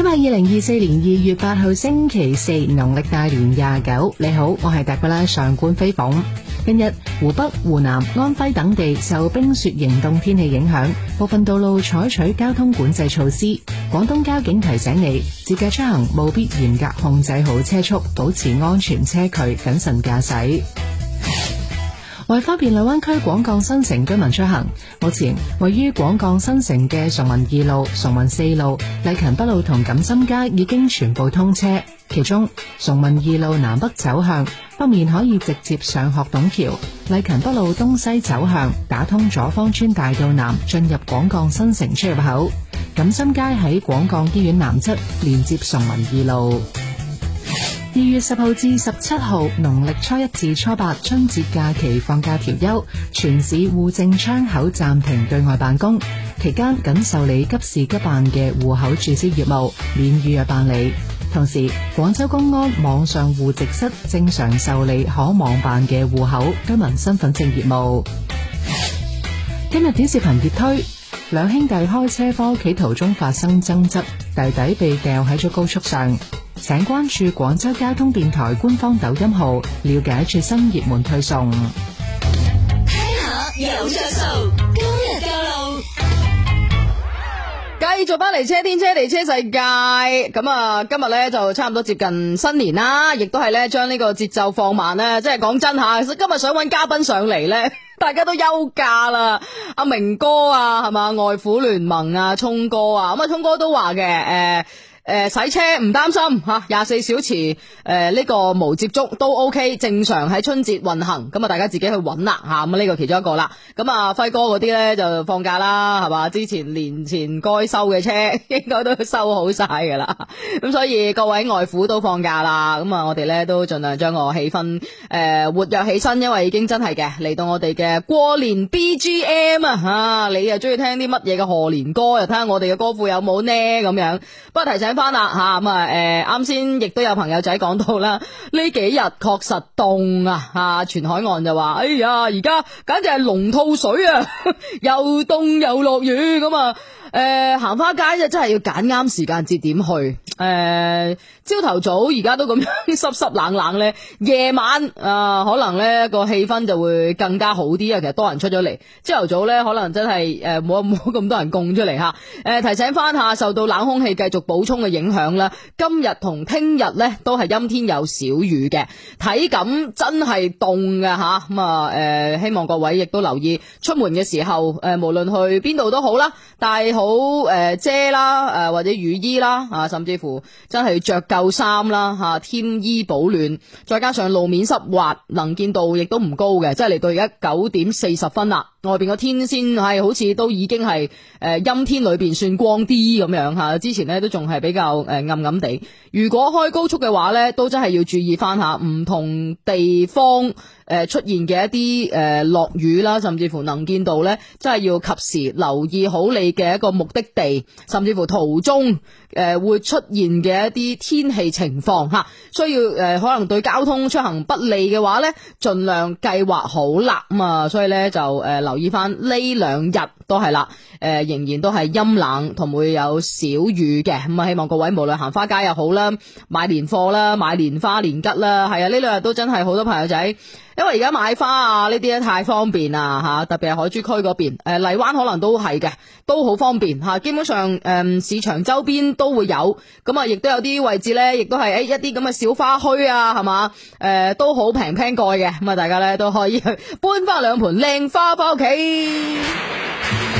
今日二零二四年二月八號星期四，農曆大年廿九。你好，我係達哥啦，上官飛鳳。近日湖北、湖南、安徽等地受冰雪凝凍天氣影響，部分道路採取交通管制措施。廣東交警提醒你，自駕出行務必嚴格控制好車速，保持安全車距，謹慎駕駛。為方便荔灣區廣鋼新城居民出行，目前位於廣鋼新城嘅崇文二路、崇文四路、荔勤北路同錦深街已經全部通車。其中，崇文二路南北走向，北面可以直接上學董橋；荔勤北路東西走向，打通咗芳村大道南，進入廣鋼新城出入口；錦深街喺廣鋼醫院南側，連接崇文二路。二月十號至十七號（農曆初一至初八）春節假期放假調休，全市戶政窗口暫停對外辦公，期間僅受理急事急辦嘅戶口註銷業務，免預約辦理。同時，廣州公安網上戶籍室正常受理可網辦嘅戶口、居民身份證業務。今日短視頻熱推。兩兄弟開車科企途中發生爭執，弟弟被掉喺咗高速上。請關注廣州交通電台官方抖音號，了解最新熱門推送。睇下有著數，今日教路，繼續翻嚟車天車地車世界。咁啊，今日咧就差唔多接近新年啦，亦都係咧將呢個節奏放慢咧。即係講真吓，其實今日想揾嘉賓上嚟咧。大家都休假啦，阿明哥啊，係嘛，外父聯盟啊，聰哥啊，咁啊聰哥都話嘅，誒、呃。誒、呃，洗車唔擔心吓，廿、啊、四小時誒呢、呃這個無接觸都 OK，正常喺春節運行，咁啊大家自己去搵啦吓，咁啊呢、這個其中一個啦。咁啊輝哥嗰啲呢就放假啦，係嘛？之前年前該收嘅車應該都收好晒噶啦，咁、啊、所以各位外父都放假啦，咁啊我哋呢都盡量將個氣氛誒、呃、活躍起身，因為已經真係嘅嚟到我哋嘅過年 BGM 啊，吓你又中意聽啲乜嘢嘅賀年歌又睇下我哋嘅歌庫有冇呢？咁樣不提醒。翻啦吓咁啊！誒，啱先亦都有朋友仔講到啦，呢幾日確實凍啊吓，全海岸就話哎呀，而家簡直係龍吐水啊，又凍又落雨咁啊！誒、嗯嗯，行花街啊，真係要揀啱時間節點去。誒、呃，朝頭早而家都咁樣濕濕冷冷咧，夜晚啊、呃、可能咧個氣氛就會更加好啲啊。其實多人出咗嚟，朝頭早咧可能真係誒冇冇咁多人供出嚟吓。誒、呃、提醒翻下，受到冷空氣繼續補充嘅影響啦，今日同聽日咧都係陰天有小雨嘅，體感真係凍嘅吓。咁啊誒，希望各位亦都留意出門嘅時候，誒、呃、無論去邊度都好啦，帶好誒遮啦，誒、呃、或者雨衣啦，啊甚至乎。真係着夠衫啦，吓添衣保暖，再加上路面濕滑，能見度亦都唔高嘅，即係嚟到而家九點四十分啦，外邊個天先係好似都已經係誒陰天裏邊算光啲咁樣吓，之前呢都仲係比較誒暗暗地。如果開高速嘅話呢，都真係要注意翻下唔同地方。誒出現嘅一啲誒落雨啦，甚至乎能見到呢，真係要及時留意好你嘅一個目的地，甚至乎途中誒會出現嘅一啲天氣情況嚇，需要誒可能對交通出行不利嘅話呢，盡量計劃好啦咁啊，所以呢，就誒留意翻呢兩日都係啦，誒仍然都係陰冷同會有小雨嘅咁啊，希望各位無論行花街又好啦，買年貨啦，買年花年桔啦，係啊，呢兩日都真係好多朋友仔。因為而家買花啊呢啲咧太方便啦吓，特別係海珠區嗰邊，誒荔灣可能都係嘅，都好方便吓。基本上誒市場周邊都會有，咁啊亦都有啲位置呢，亦都係誒一啲咁嘅小花墟啊，係嘛，誒都好平平蓋嘅，咁啊大家呢都可以搬翻兩盆靚花翻屋企。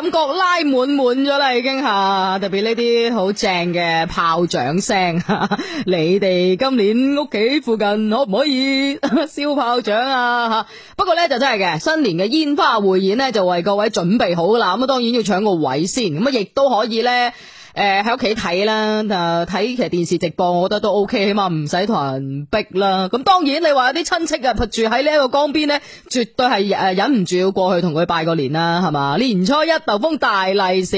感覺拉滿滿咗啦，已經吓，特別呢啲好正嘅炮仗聲。你哋今年屋企附近可唔可以燒炮仗啊？吓，不過呢，就真係嘅，新年嘅煙花匯演呢，就為各位準備好啦。咁當然要搶個位先。咁啊，亦都可以呢。誒，喺屋企睇啦，呃，睇其實電視直播，我覺得都 O K，起碼唔使同人逼啦。咁當然，你話有啲親戚啊，住喺呢一個江邊呢，絕對係誒忍唔住要過去同佢拜個年啦，係嘛？年初一，逗封大利是。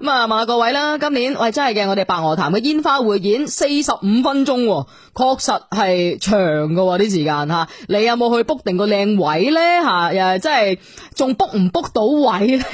咁啊，問下各位啦，啊，今年喂，哎，真係嘅，我哋白鵝潭嘅煙花匯演四十五分鐘，確實係長噶啲，啊，時間吓，你有冇去 book 定個靚位呢？吓？誒，真係仲 book 唔 book 到位呢？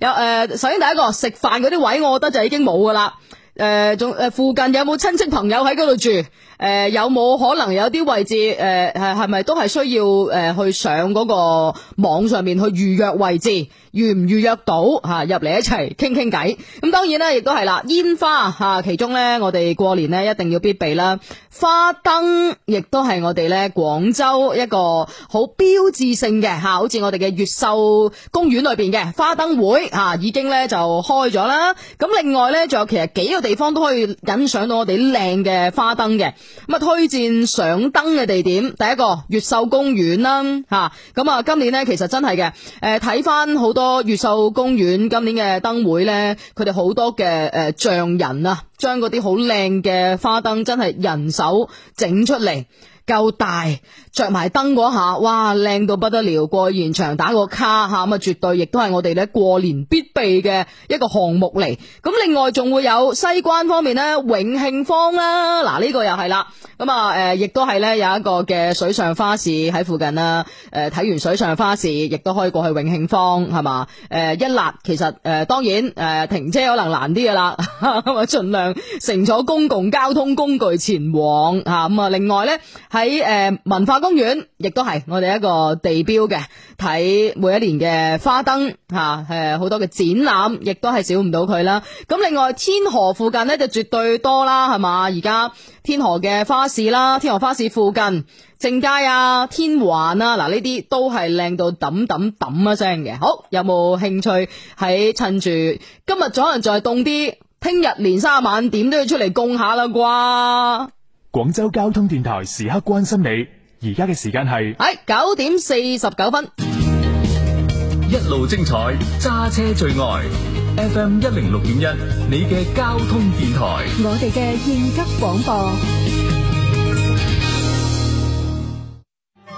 有誒，首先第一個食飯嗰啲位，我覺得就已經。冇噶啦。誒，仲誒，附近有冇親戚朋友喺度住？誒、呃，有冇可能有啲位置？誒、呃，係係咪都係需要誒去上嗰個網上面去預約位置？預唔預約到？吓，入嚟一齊傾傾偈。咁當然啦，亦都係啦，煙花吓，其中咧，我哋過年咧一定要必備啦。花燈亦都係我哋咧廣州一個好標誌性嘅吓，好似我哋嘅越秀公園裏邊嘅花燈會吓，已經咧就開咗啦。咁另外咧，仲有其實幾個。地方都可以欣賞到我哋靚嘅花燈嘅，咁啊推薦上燈嘅地點，第一個越秀公園啦、啊、吓、啊，咁啊今年呢，其實真係嘅，誒睇翻好多越秀公園今年嘅燈會呢，佢哋好多嘅誒匠人啊，將嗰啲好靚嘅花燈真係人手整出嚟，夠大。着埋燈嗰下，哇靚到不得了！過去現場打個卡吓，咁啊絕對亦都係我哋咧過年必備嘅一個項目嚟。咁、啊、另外仲會有西關方面呢，永慶坊啦，嗱、啊、呢、呢個又係啦。咁啊誒，亦、啊、都係呢，有一個嘅水上花市喺附近啦。誒、啊、睇完水上花市，亦都可以過去永慶坊係嘛。誒、啊、一粒其實誒、啊、當然誒、啊、停車可能難啲噶啦，我、啊啊、盡量乘坐公共交通工具前往吓。咁啊，啊另外呢，喺誒、啊、文化公園亦都係我哋一個地標嘅，睇每一年嘅花燈吓，好多嘅展覽，亦都係少唔到佢啦。咁另外天河附近呢就絕對多啦，係嘛？而家天河嘅花市啦，天河花市附近正佳啊、天環啊，嗱呢啲都係靚到揼揼揼，一聲嘅。好，有冇興趣喺趁住今日早人再凍啲，聽日年三十晚點都要出嚟供下啦？啩？廣州交通電台，時刻關心你。而家嘅時間係係九點四十九分，一路精彩，揸車最愛，FM 一零六點一，你嘅交通電台，我哋嘅應急廣播。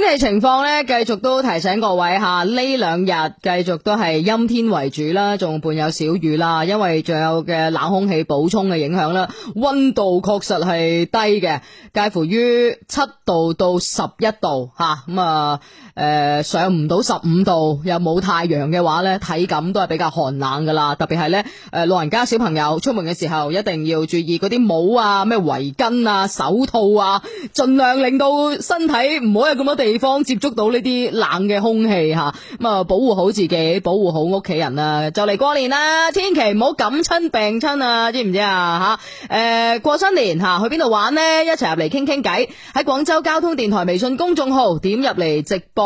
天氣情況呢，繼續都提醒各位吓，呢兩日繼續都係陰天為主啦，仲伴有小雨啦，因為仲有嘅冷空氣補充嘅影響啦。温度確實係低嘅，介乎於七度到十一度吓，咁啊。嗯誒、呃，上唔到十五度又冇太陽嘅話咧，體感都係比較寒冷噶啦。特別係咧，誒、呃，老人家、小朋友出門嘅時候，一定要注意啲帽啊、咩圍巾啊、手套啊，盡量令到身體唔好有咁多地方接觸到呢啲冷嘅空氣吓。咁啊，啊，保護好自己，保護好屋企人啊，就嚟過年啦，千祈唔好感親病親啊，知唔知啊？吓，誒，過新年吓、啊，去邊度玩咧？一齊入嚟傾傾偈，喺廣州交通電台微信公眾號點入嚟直播。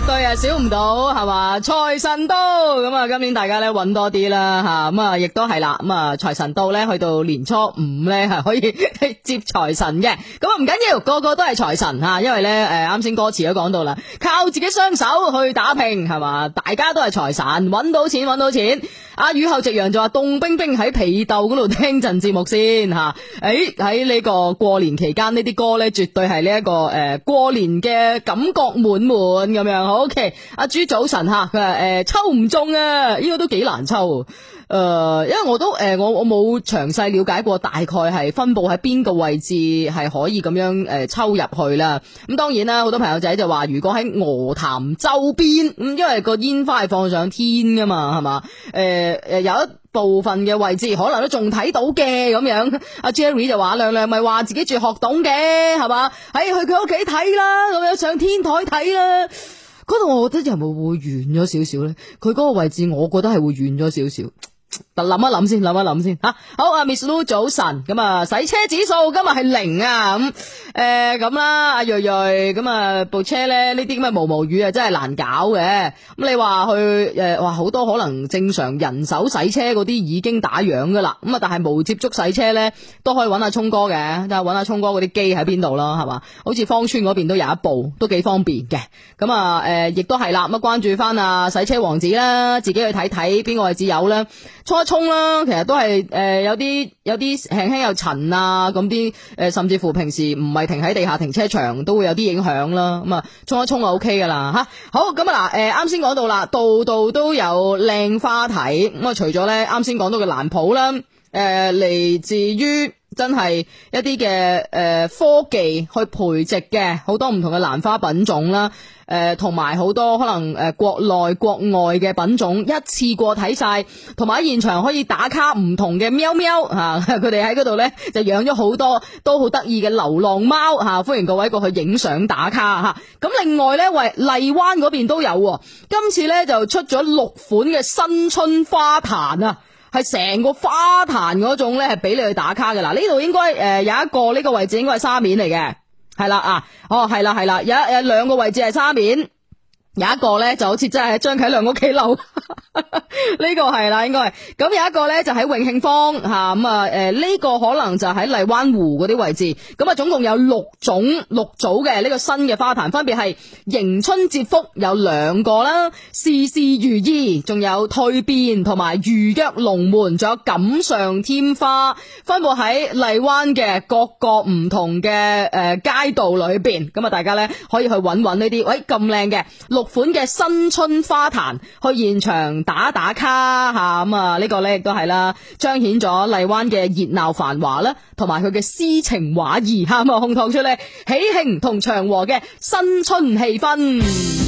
絕對啊少唔到係嘛，財神到咁啊！今年大家咧搵多啲啦吓，咁啊亦都係啦，咁啊財神到咧，去到年初五咧係、啊、可以 接財神嘅。咁啊唔緊要，個個都係財神吓、啊，因為咧誒啱先歌詞都講到啦，靠自己雙手去打拼係嘛，大家都係財神，搵到錢搵到錢。阿、啊、雨後夕陽就話凍冰冰喺被竇嗰度聽陣節目先吓。誒喺呢個過年期間呢啲歌咧，絕對係呢一個誒、呃、過年嘅感覺滿滿咁樣。好 OK 阿朱早晨吓佢話誒抽唔中啊，呢個都幾難抽誒、呃，因為我都誒、欸、我我冇詳細了解過，大概係分布喺邊個位置係可以咁樣誒、欸、抽入去啦。咁、嗯、當然啦，好多朋友仔就話如果喺鵝潭周邊咁、嗯，因為個煙花係放上天噶嘛，係嘛誒誒有一部分嘅位置可能都仲睇到嘅咁樣。阿、啊、Jerry 就話亮亮咪話自己住學棟嘅係嘛，喺、欸、去佢屋企睇啦，咁樣上天台睇啦。嗰度我覺得會唔會遠咗少少咧？佢嗰個位置，我覺得係會遠咗少少。嗱諗一諗先，諗一諗先吓。好啊，Miss Lu 早晨。咁啊，洗車指數今日係零啊。咁誒咁啦，阿睿睿，咁、嗯、啊部車咧呢啲咁嘅毛毛雨啊，真係難搞嘅。咁、嗯、你話去誒、呃，哇好多可能正常人手洗車嗰啲已經打烊噶啦。咁、嗯、啊，但係無接觸洗車咧都可以揾阿聰哥嘅，即係揾阿聰哥嗰啲機喺邊度囉？係嘛？好似芳村嗰邊都有一部，都幾方便嘅。咁、嗯、啊，誒、呃，亦都係啦。咁啊，關注翻啊，洗車王子啦，自己去睇睇邊個位置有啦。沖一沖啦，其實都係誒、呃、有啲有啲輕輕有塵啊，咁啲誒甚至乎平時唔係停喺地下停車場都會有啲影響啦。咁啊沖一沖就 OK 噶啦，吓好咁啊嗱誒啱先講到啦，度度都有靚花睇，咁、嗯、啊除咗咧啱先講到嘅蘭圃啦。誒、呃，嚟自於真係一啲嘅誒科技去培植嘅好多唔同嘅蘭花品種啦，誒、呃，同埋好多可能誒國內國外嘅品種一次過睇晒，同埋現場可以打卡唔同嘅喵喵吓，佢哋喺嗰度呢就養咗好多都好得意嘅流浪貓吓、啊，歡迎各位過去影相打卡吓。咁、啊啊、另外呢，喂荔灣嗰邊都有、啊，今次呢就出咗六款嘅新春花壇啊。係成個花壇嗰種咧，係俾你去打卡嘅啦。呢度應該誒、呃、有一個呢、這個位置，應該係沙面嚟嘅，係啦啊，哦係啦係啦，有有兩個位置係沙面。有一個呢，就好似真係喺張啟亮屋企樓，呢個係啦應該係咁有一個呢，就喺永慶坊吓，咁啊誒呢個可能就喺荔灣湖嗰啲位置。咁啊總共有六種六組嘅呢個新嘅花壇，分別係迎春接福有兩個啦，事事如意，仲有蛻變同埋如約龍門，仲有錦上添花，分布喺荔灣嘅各個唔同嘅誒街道裏邊。咁啊大家呢，可以去搵搵呢啲。喂咁靚嘅六。款嘅新春花壇去現場打打卡吓，咁啊呢個咧亦都係啦，彰顯咗荔灣嘅熱鬧繁華啦，同埋佢嘅詩情畫意吓，咁啊烘托出嚟喜慶同祥和嘅新春氣氛。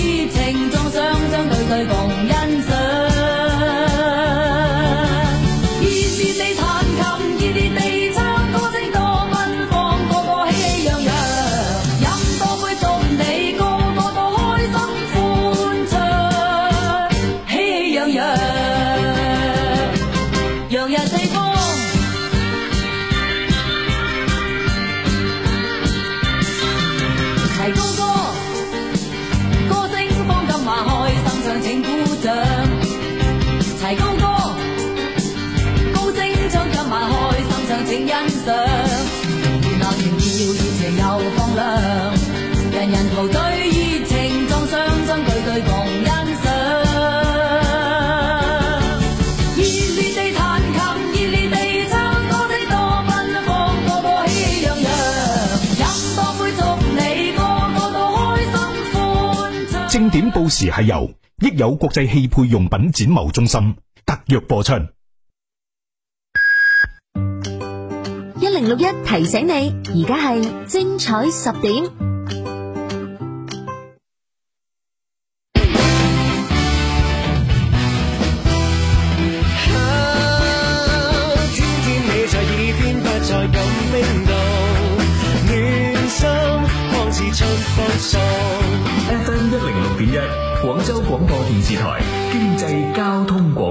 時係由益友國際汽配用品展貿中心特約播出。一零六一提醒你，而家係精彩十點。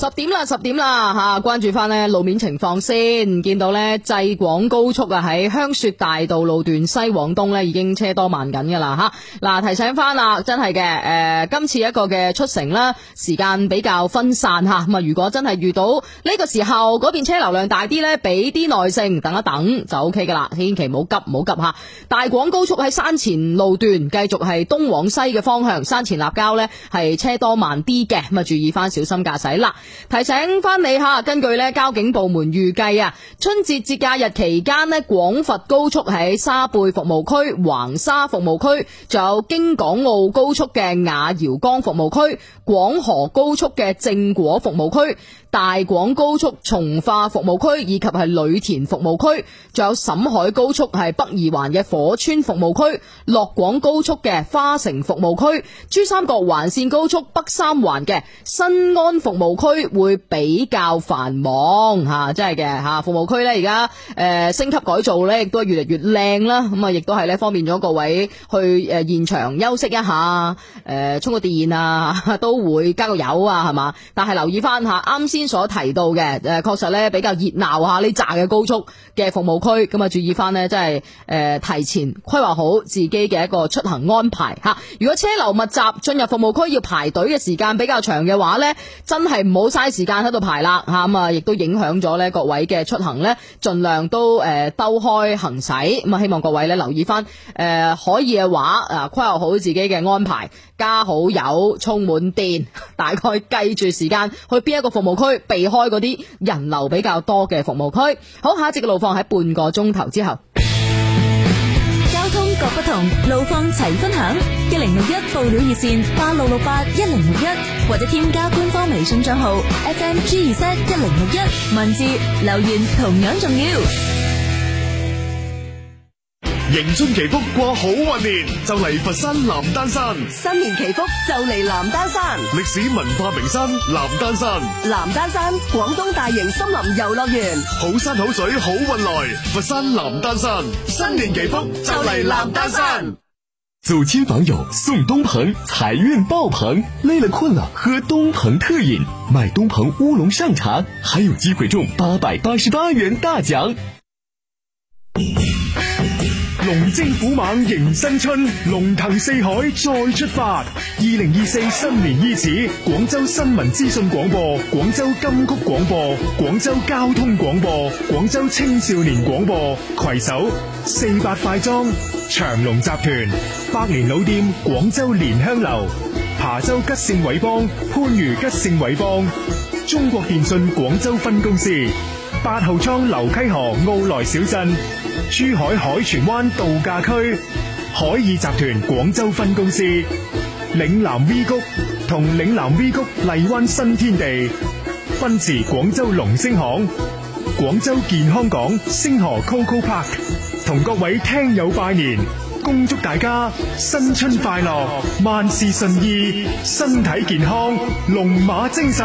十點啦，十點啦，吓，關注翻呢路面情況先。見到呢，濟廣高速啊，喺香雪大道路段西往東呢已經車多慢緊嘅啦，吓。嗱，提醒翻啦，真係嘅，誒、呃，今次一個嘅出城啦時間比較分散吓，咁啊，如果真係遇到呢個時候嗰邊車流量大啲呢，俾啲耐性，等一等就 O K 噶啦，千祈唔好急，唔好急吓、啊。大廣高速喺山前路段繼續係東往西嘅方向，山前立交呢，係車多慢啲嘅，咁啊注意翻小心駕駛啦。啊提醒翻你吓，根據呢交警部門預計啊，春節節假日期間呢廣佛高速喺沙貝服務區、橫沙服務區，仲有京港澳高速嘅雅瑤江服務區、廣河高速嘅正果服務區。大廣高速從化服務區以及係呂田服務區，仲有沈海高速係北二環嘅火村服務區，樂廣高速嘅花城服務區，珠三角環綫高速北三環嘅新安服務區會比較繁忙吓、啊，真係嘅吓。服務區咧而家誒升級改造咧，亦都係越嚟越靚啦。咁啊，亦都係咧方便咗各位去誒、呃、現場休息一下，誒、呃、充個電啊，都會加個油啊，係嘛。但係留意翻吓，啱先。所提到嘅，誒、呃，確實咧比較熱鬧吓，呢扎嘅高速嘅服務區，咁啊注意翻呢，即係誒提前規劃好自己嘅一個出行安排吓、啊。如果車流密集，進入服務區要排隊嘅時間比較長嘅話呢，真係唔好嘥時間喺度排啦吓。咁啊，亦、嗯、都影響咗呢各位嘅出行呢，盡量都誒、呃、兜開行駛。咁、嗯、啊，希望各位呢、呃、留意翻，誒、呃、可以嘅話啊，規劃好自己嘅安排。加好油，充滿電，大概計住時間去邊一個服務區，避開嗰啲人流比較多嘅服務區。好，下一節嘅路況喺半個鐘頭之後。交通各不同，路況齊分享。一零六一報料熱線八六六八一零六一，8668, 1061，或者添加官方微信賬號 FMG 二七一零六一，1061，文字留言同樣重要。迎春祈福過好運年，就嚟佛山南丹山。新年祈福就嚟南丹山，歷史文化名山南丹山，南丹山廣東大型森林遊樂園，好山好水好運來，佛山南丹山。新年祈福就嚟南丹山，走親訪友送東鵬，財運爆棚。累了困了，喝東鵬特飲，買東鵬烏龍上茶，還有機會中八百八十八元大獎。 龍精虎猛，猛迎新春，龍騰四海再出發。二零二四新年伊始，廣州新聞資訊廣播、廣州金曲廣播、廣州交通廣播、廣州青少年廣播携手四百塊裝、長隆集團、百年老店廣州蓮香樓、琶洲吉盛偉邦、番禺吉盛偉邦、中國電信廣州分公司。八號倉流溪河奧萊小鎮、珠海海泉灣度假區、海爾集團廣州分公司、嶺南 V 谷同嶺南 V 谷荔灣新天地、奔馳廣州龍星行、廣州健康港星河 Coco Park，同各位聽友拜年，恭祝大家新春快樂，萬事順意，身體健康，龍馬精神。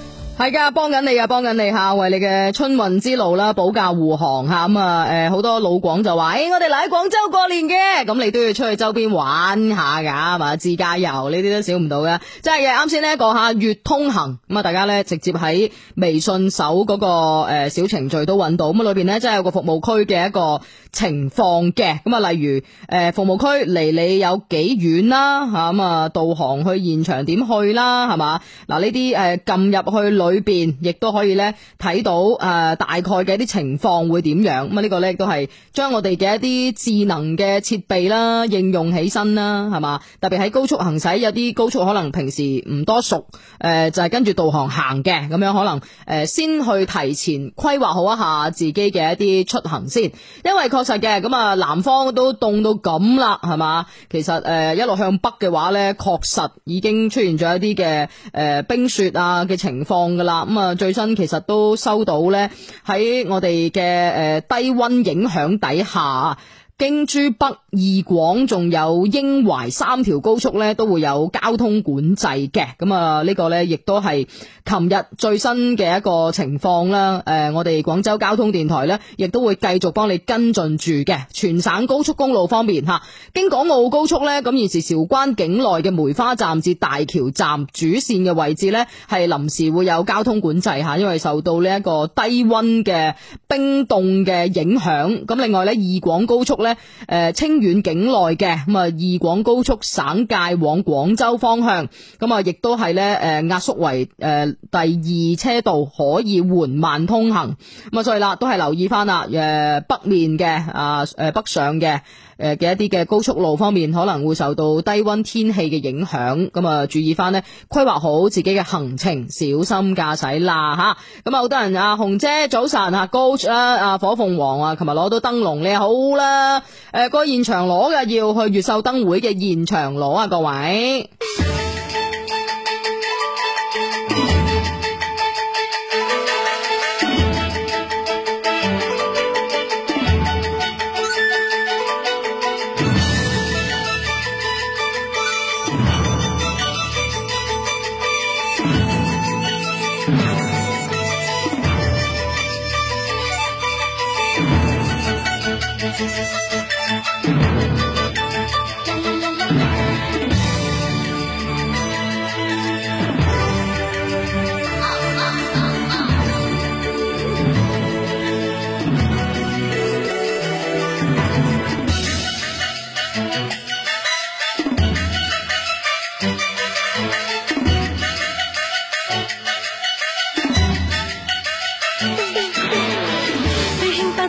係噶，幫緊你啊，幫緊你吓，為你嘅春運之路啦，保駕護航吓咁啊！誒、嗯，好多老廣就話，誒、哎，我哋嚟喺廣州過年嘅，咁你都要出去周邊玩下噶，係嘛？自駕遊呢啲都少唔到嘅。即係嘅，啱先一講下粵通行，咁啊，大家呢直接喺微信搜嗰個誒小程序都揾到，咁裏邊呢真係有個服務區嘅一個情況嘅，咁啊，例如誒服務區離你有幾遠啦，吓咁啊，導航去現場點去啦，係、嗯、嘛？嗱，呢啲誒撳入去裏邊亦都可以咧睇到誒，大概嘅一啲情況會點樣咁啊？呢個咧都係將我哋嘅一啲智能嘅設備啦應用起身啦、啊，係嘛？特別喺高速行駛，有啲高速可能平時唔多熟誒、呃，就係、是、跟住導航行嘅，咁樣可能誒、呃、先去提前規劃好一下自己嘅一啲出行先，因為確實嘅咁啊，南方都凍到咁啦，係嘛？其實誒、呃、一路向北嘅話咧，確實已經出現咗一啲嘅誒冰雪啊嘅情況。啦，咁啊，最新其實都收到咧，喺我哋嘅誒低溫影響底下。京珠北二廣仲有英懷三條高速咧都會有交通管制嘅，咁啊呢個咧亦都係琴日最新嘅一個情況啦。誒，我哋廣州交通電台咧亦都會繼續幫你跟進住嘅。全省高速公路方面吓，京港澳高速咧，咁現時韶關境內嘅梅花站至大橋站主線嘅位置咧係臨時會有交通管制吓，因為受到呢一個低温嘅冰凍嘅影響。咁另外咧，二廣高速咧。誒，清遠境內嘅咁啊，二廣高速省界往廣州方向，咁啊，亦都係咧誒，壓縮為誒第二車道，可以緩慢通行。咁啊，所以啦，都係留意翻啦。誒，北面嘅啊，誒，北上嘅。誒嘅一啲嘅高速路方面可能會受到低溫天氣嘅影響，咁啊，注意翻呢，規劃好自己嘅行程，小心駕駛啦吓。咁啊，好多人啊，紅姐早晨啊，高啦啊火鳳凰啊，琴日攞到燈籠你好啦。誒，呃，那個現場攞㗎，要去越秀燈會嘅現場攞啊，各位。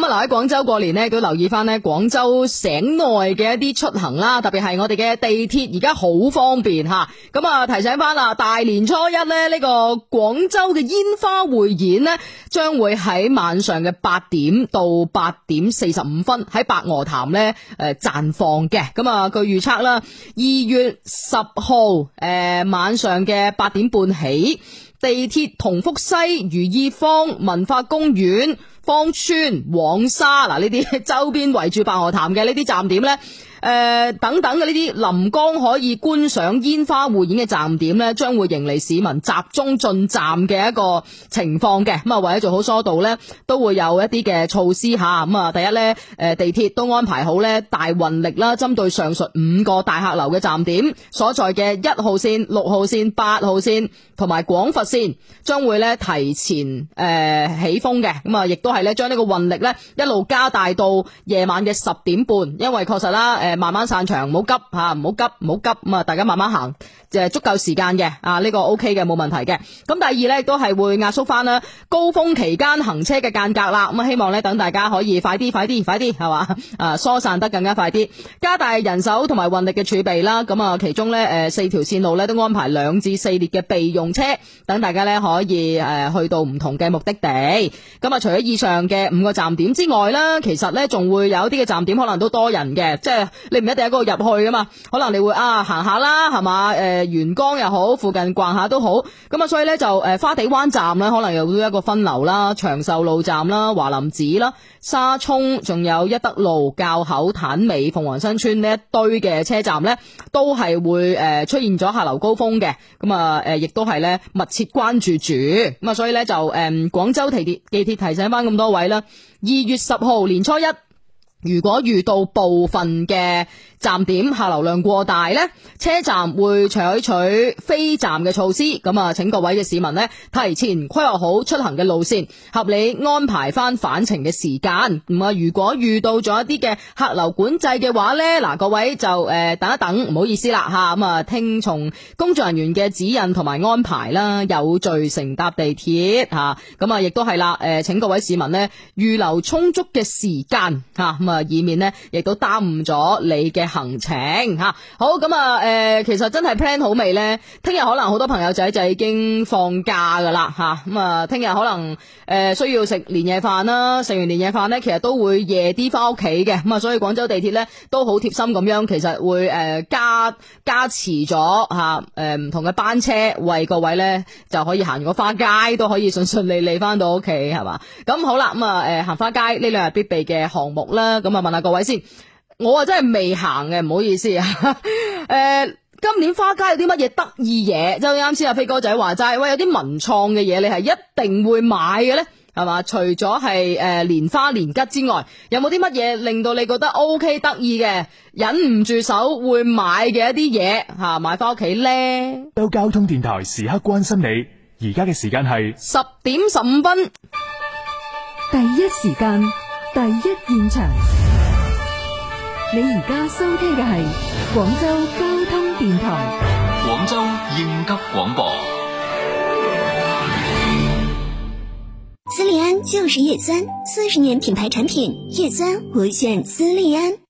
咁留喺廣州過年呢，都留意翻呢廣州省內嘅一啲出行啦，特別係我哋嘅地鐵，而家好方便吓。咁啊，提醒翻啦，大年初一呢，呢個廣州嘅煙花匯演呢，將會喺晚上嘅八點到八點四十五分喺白鵝潭呢，誒綻放嘅。咁啊，據預測啦，二月十號誒晚上嘅八點半起，地鐵同福西、如意坊、文化公園，芳村、黃沙嗱，呢啲周邊圍住白鵝潭嘅呢啲站點咧。誒、呃，等等嘅呢啲臨江可以觀賞煙花匯演嘅站點咧，將會迎嚟市民集中進站嘅一個情況嘅。咁啊，為咗做好疏導咧，都會有一啲嘅措施吓。咁啊，第一咧，誒、呃，地鐵都安排好咧大運力啦，針對上述五個大客流嘅站點所在嘅一號綫、六號綫、八號綫同埋廣佛綫呢，將會咧提前誒、呃、起風嘅。咁啊，亦都係咧將呢個運力咧一路加大到夜晚嘅十點半，因為確實啦，誒、呃。慢慢散場，唔好急吓，唔好急，唔好急，咁啊，大家慢慢行，即係足夠時間嘅啊，呢個 O K 嘅，冇問題嘅。咁第二呢，都係會壓縮翻啦高峰期間行車嘅間隔啦。咁啊，希望呢，等大家可以快啲，快啲，快啲，係嘛，啊疏散得更加快啲，加大人手同埋運力嘅儲備啦。咁啊，其中呢，誒四條線路呢都安排兩至四列嘅備用車，等大家呢可以誒去到唔同嘅目的地。咁啊，除咗以上嘅五個站點之外啦，其實呢仲會有啲嘅站點可能都多人嘅，即係。你唔一定一個入去啊嘛，可能你會啊行下啦，係嘛？誒、呃，元江又好，附近逛下都好。咁啊，所以咧就誒、呃、花地灣站咧，可能又會一個分流啦，長壽路站啦，華林寺啦，沙涌，仲有一德路、滘口、坦尾、鳳凰新村呢一堆嘅車站咧，都係會誒出現咗客流高峰嘅。咁啊，誒、呃、亦都係咧密切關注住。咁啊，所以咧就誒廣、呃、州地鐵地鐵提醒翻咁多位啦。二月十號年初一。如果遇到部分嘅，站點客流量過大咧，車站會採取飛站嘅措施。咁啊，請各位嘅市民咧，提前規劃好出行嘅路線，合理安排翻返程嘅時間。咁啊，如果遇到咗一啲嘅客流管制嘅話咧，嗱，各位就誒等一等，唔好意思啦吓。咁啊，聽從工作人員嘅指引同埋安排啦，有序乘搭地鐵吓。咁啊，亦都係啦。誒，請各位市民咧，預留充足嘅時間吓，咁啊，以免咧亦都耽誤咗你嘅。行程嚇，好，咁啊，誒，其實真係 plan 好未呢？聽日可能好多朋友仔就已經放假噶啦嚇，咁啊聽日可能誒、呃、需要食年夜飯啦，食完年夜飯呢，其實都會夜啲翻屋企嘅。咁啊所以廣州地鐵呢都好貼心咁樣，其實會誒加加持咗吓誒唔同嘅班車，為各位呢就可以行個花街，都可以順順利利翻到屋企，係嘛？咁好啦，咁啊、呃、行花街呢兩日必備嘅項目啦，咁啊問下各位先。我啊真係未行嘅，唔好意思啊！誒、 呃，今年花街有啲乜嘢得意嘢？就啱先阿飛哥仔話齋，喂，有啲文創嘅嘢，你係一定會買嘅咧，係嘛？除咗係誒蓮花、年桔之外，有冇啲乜嘢令到你覺得 O K 得意嘅，忍唔住手會買嘅一啲嘢吓，買翻屋企咧？到交通電台時刻關心你，而家嘅時間係十點十五分，第一時間，第一現場。你而家收聽嘅係廣州交通電台，廣州應急廣播。斯利安就是葉酸，四十年品牌產品，葉酸我選斯利安。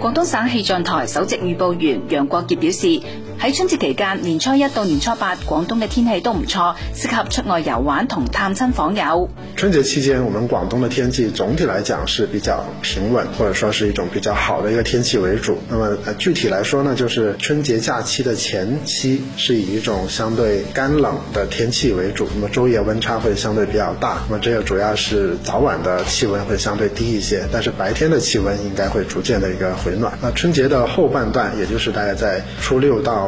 廣東省氣象台首席預報員楊國杰表示。喺春節期間，年初一到年初八，廣東嘅天氣都唔錯，適合出外遊玩同探親訪友。春節期間，我們廣東嘅天氣總體來講是比較平穩，或者說是一種比較好的一個天氣為主。那麼具體來說呢，就是春節假期的前期是以一種相對乾冷的天氣為主，那麼晝夜溫差會相對比較大。那麼這個主要是早晚的氣溫會相對低一些，但是白天的氣溫應該會逐漸的一個回暖。那春節的後半段，也就是大概在初六到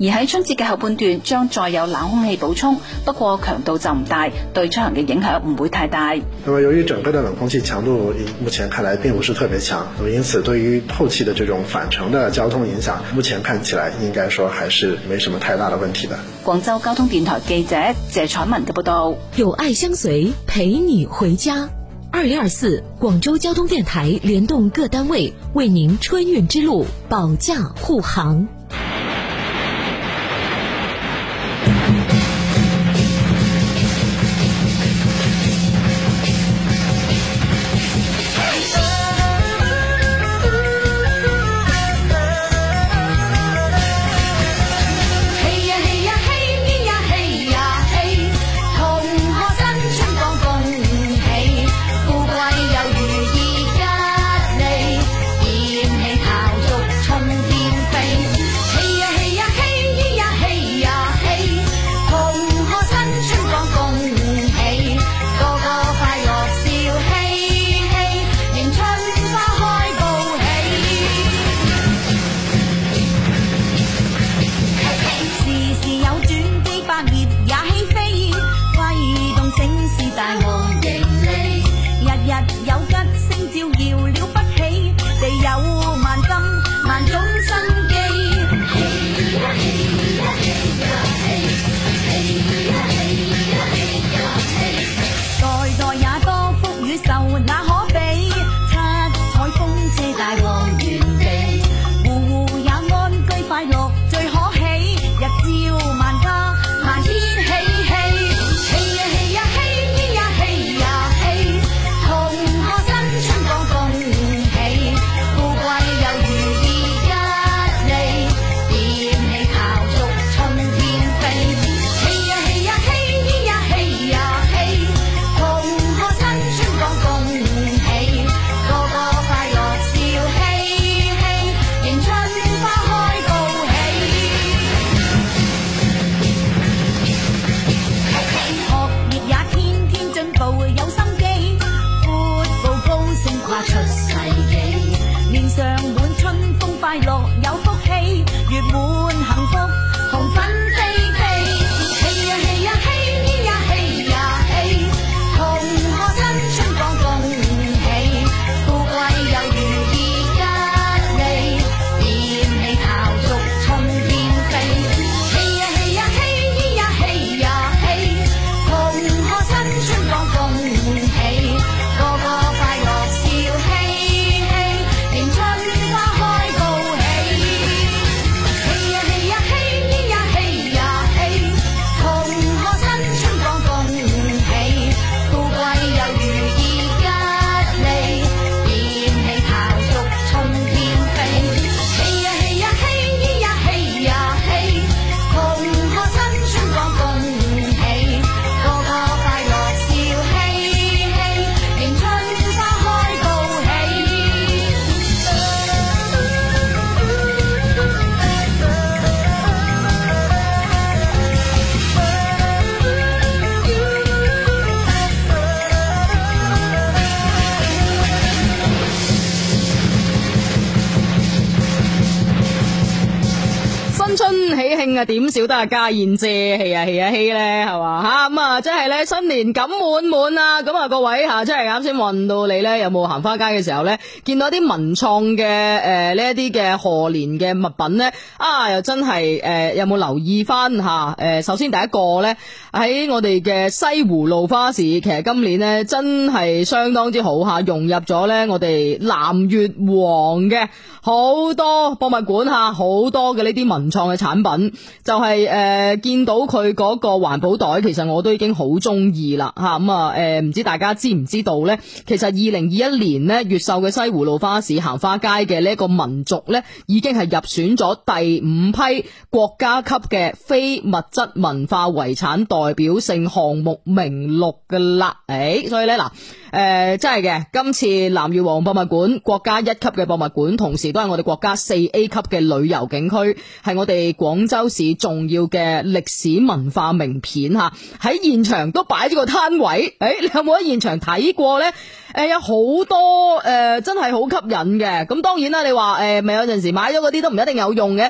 而喺春節嘅後半段，將再有冷空氣補充，不過強度就唔大，對出行嘅影響唔會太大。係咪？由於整個嘅冷空氣強度，目前看來並不是特別強，咁因此對於後期的這種返程的交通影響，目前看起來應該說還是沒什麼太大的問題的。廣州交通電台記者謝彩文嘅報道，有愛相隨，陪你回家。二零二四，廣州交通電台聯動各單位，為您春運之路保駕護航。春喜慶啊，點少得啊家燕姐，hea 啊 hea 啊 h e 係嘛吓咁啊，即係呢，新年感滿滿啊，咁啊各位吓、啊，即係啱先問到你呢，有冇行花街嘅時候呢？見到啲文創嘅誒呢一啲嘅賀年嘅物品呢？啊，又真係誒、呃、有冇留意翻吓誒？首先第一個呢，喺我哋嘅西湖路花市，其實今年呢，真係相當之好吓，融入咗呢，我哋南越王嘅好多博物館吓，好多嘅呢啲文創。嘅產品就係、是、誒、呃、見到佢嗰個環保袋，其實我都已經好中意啦，咁啊誒唔、啊、知大家知唔知道呢？其實二零二一年呢，越秀嘅西湖路花市行花街嘅呢一個民俗呢，已經係入選咗第五批國家級嘅非物質文化遺產代表性項目名錄㗎啦、欸、所以呢，嗱。誒、呃，真係嘅，今次南越王博物館國家一級嘅博物館，同時都係我哋國家四 A 級嘅旅遊景區，係我哋廣州市重要嘅歷史文化名片吓。喺現場都擺咗個攤位，誒、哎，你有冇喺現場睇過呢？誒、呃，有好多誒、呃，真係好吸引嘅。咁當然啦，你話誒，咪、呃、有陣時買咗嗰啲都唔一定有用嘅。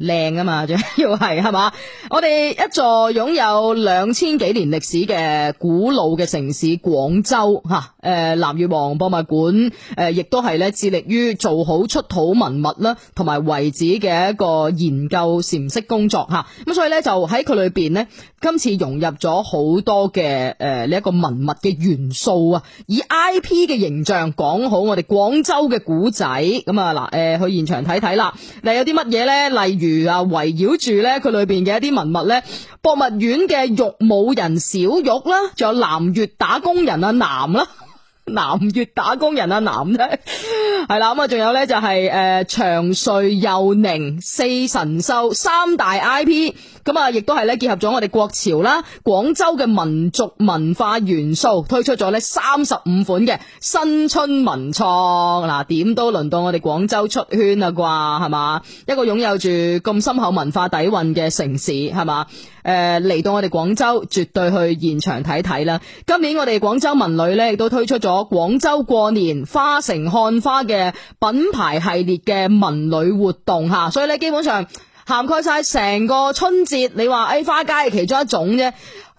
靚啊嘛，仲要係係嘛？我哋一座擁有兩千幾年歷史嘅古老嘅城市廣州吓，誒、呃、南越王博物館誒、呃，亦都係咧致力於做好出土文物啦同埋遺址嘅一個研究闡釋工作吓。咁、啊、所以咧就喺佢裏邊呢，今次融入咗好多嘅誒呢一個文物嘅元素啊，以 IP 嘅形象講好我哋廣州嘅古仔。咁啊嗱，誒、呃、去現場睇睇啦。嗱，有啲乜嘢咧？嚟如啊圍繞住咧佢裏邊嘅一啲文物咧，博物院嘅玉舞人小玉啦，仲有，南越打工人啊南啦， 南越打工人啊南咧， 係啦咁啊，仲有咧就係誒長穗幼寧四神獸三大 IP。咁啊，亦都係咧結合咗我哋國潮啦，廣州嘅民族文化元素，推出咗咧三十五款嘅新春文創。嗱，點都輪到我哋廣州出圈啦啩？係嘛，一個擁有住咁深厚文化底蘊嘅城市，係嘛，誒嚟到我哋廣州絕對去現場睇睇啦。今年我哋廣州文旅咧亦都推出咗廣州過年花城看花嘅品牌系列嘅文旅活動吓，所以咧基本上。涵蓋晒成個春節，你話誒、哎、花街係其中一種啫，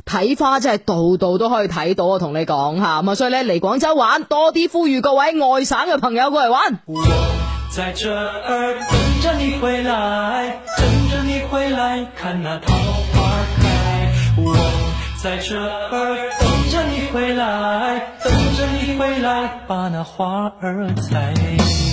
睇花真係度度都可以睇到，我同你講吓。咁啊，所以呢，嚟廣州玩多啲，呼籲各位外省嘅朋友過嚟玩。我在這兒等着你回來，等着你回來看那桃花開。我在這兒等着你回來，等着你回來把那花兒採。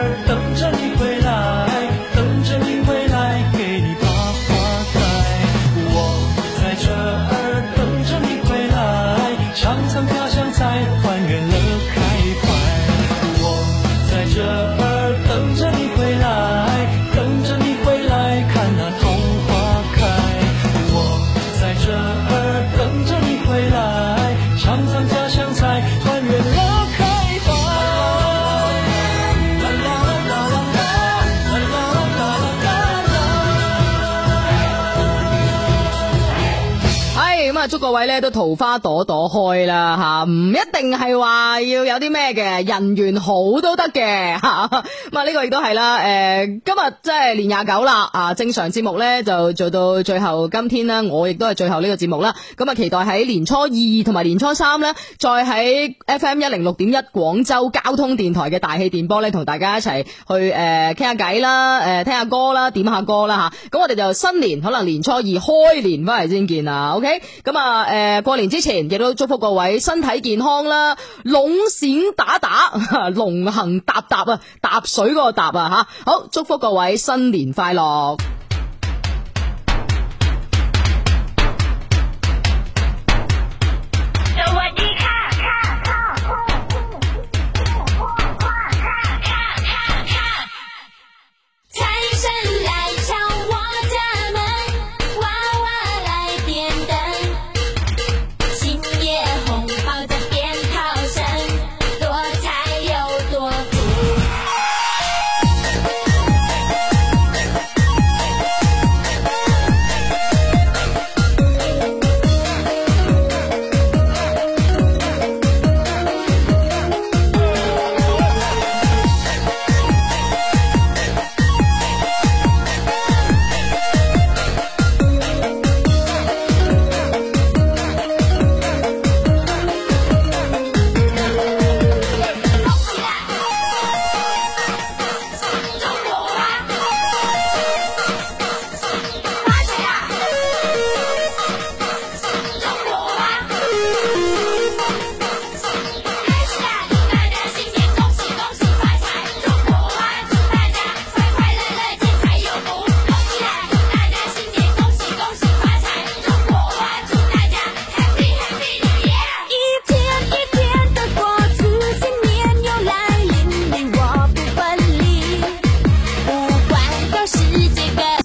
各位咧都桃花朵朵開啦吓，唔一定係話要有啲咩嘅，人緣好都得嘅吓。咁啊呢個亦都係啦。誒，今日即係年廿九啦，啊，正常節目咧就做到最後，今天啦，我亦都係最後呢個節目啦。咁啊，期待喺年初二同埋年初三咧，再喺 FM 一零六點一廣州交通電台嘅大氣電波咧，同大家一齊去誒傾下偈啦，誒聽下歌啦，點下歌啦吓。咁我哋就新年可能年初二開年翻嚟先見啦。OK，咁啊。誒，過年之前亦都祝福各位身體健康啦，龍閃打打，龍行踏踏啊，踏水嗰個踏啊，吓好，祝福各位新年快樂。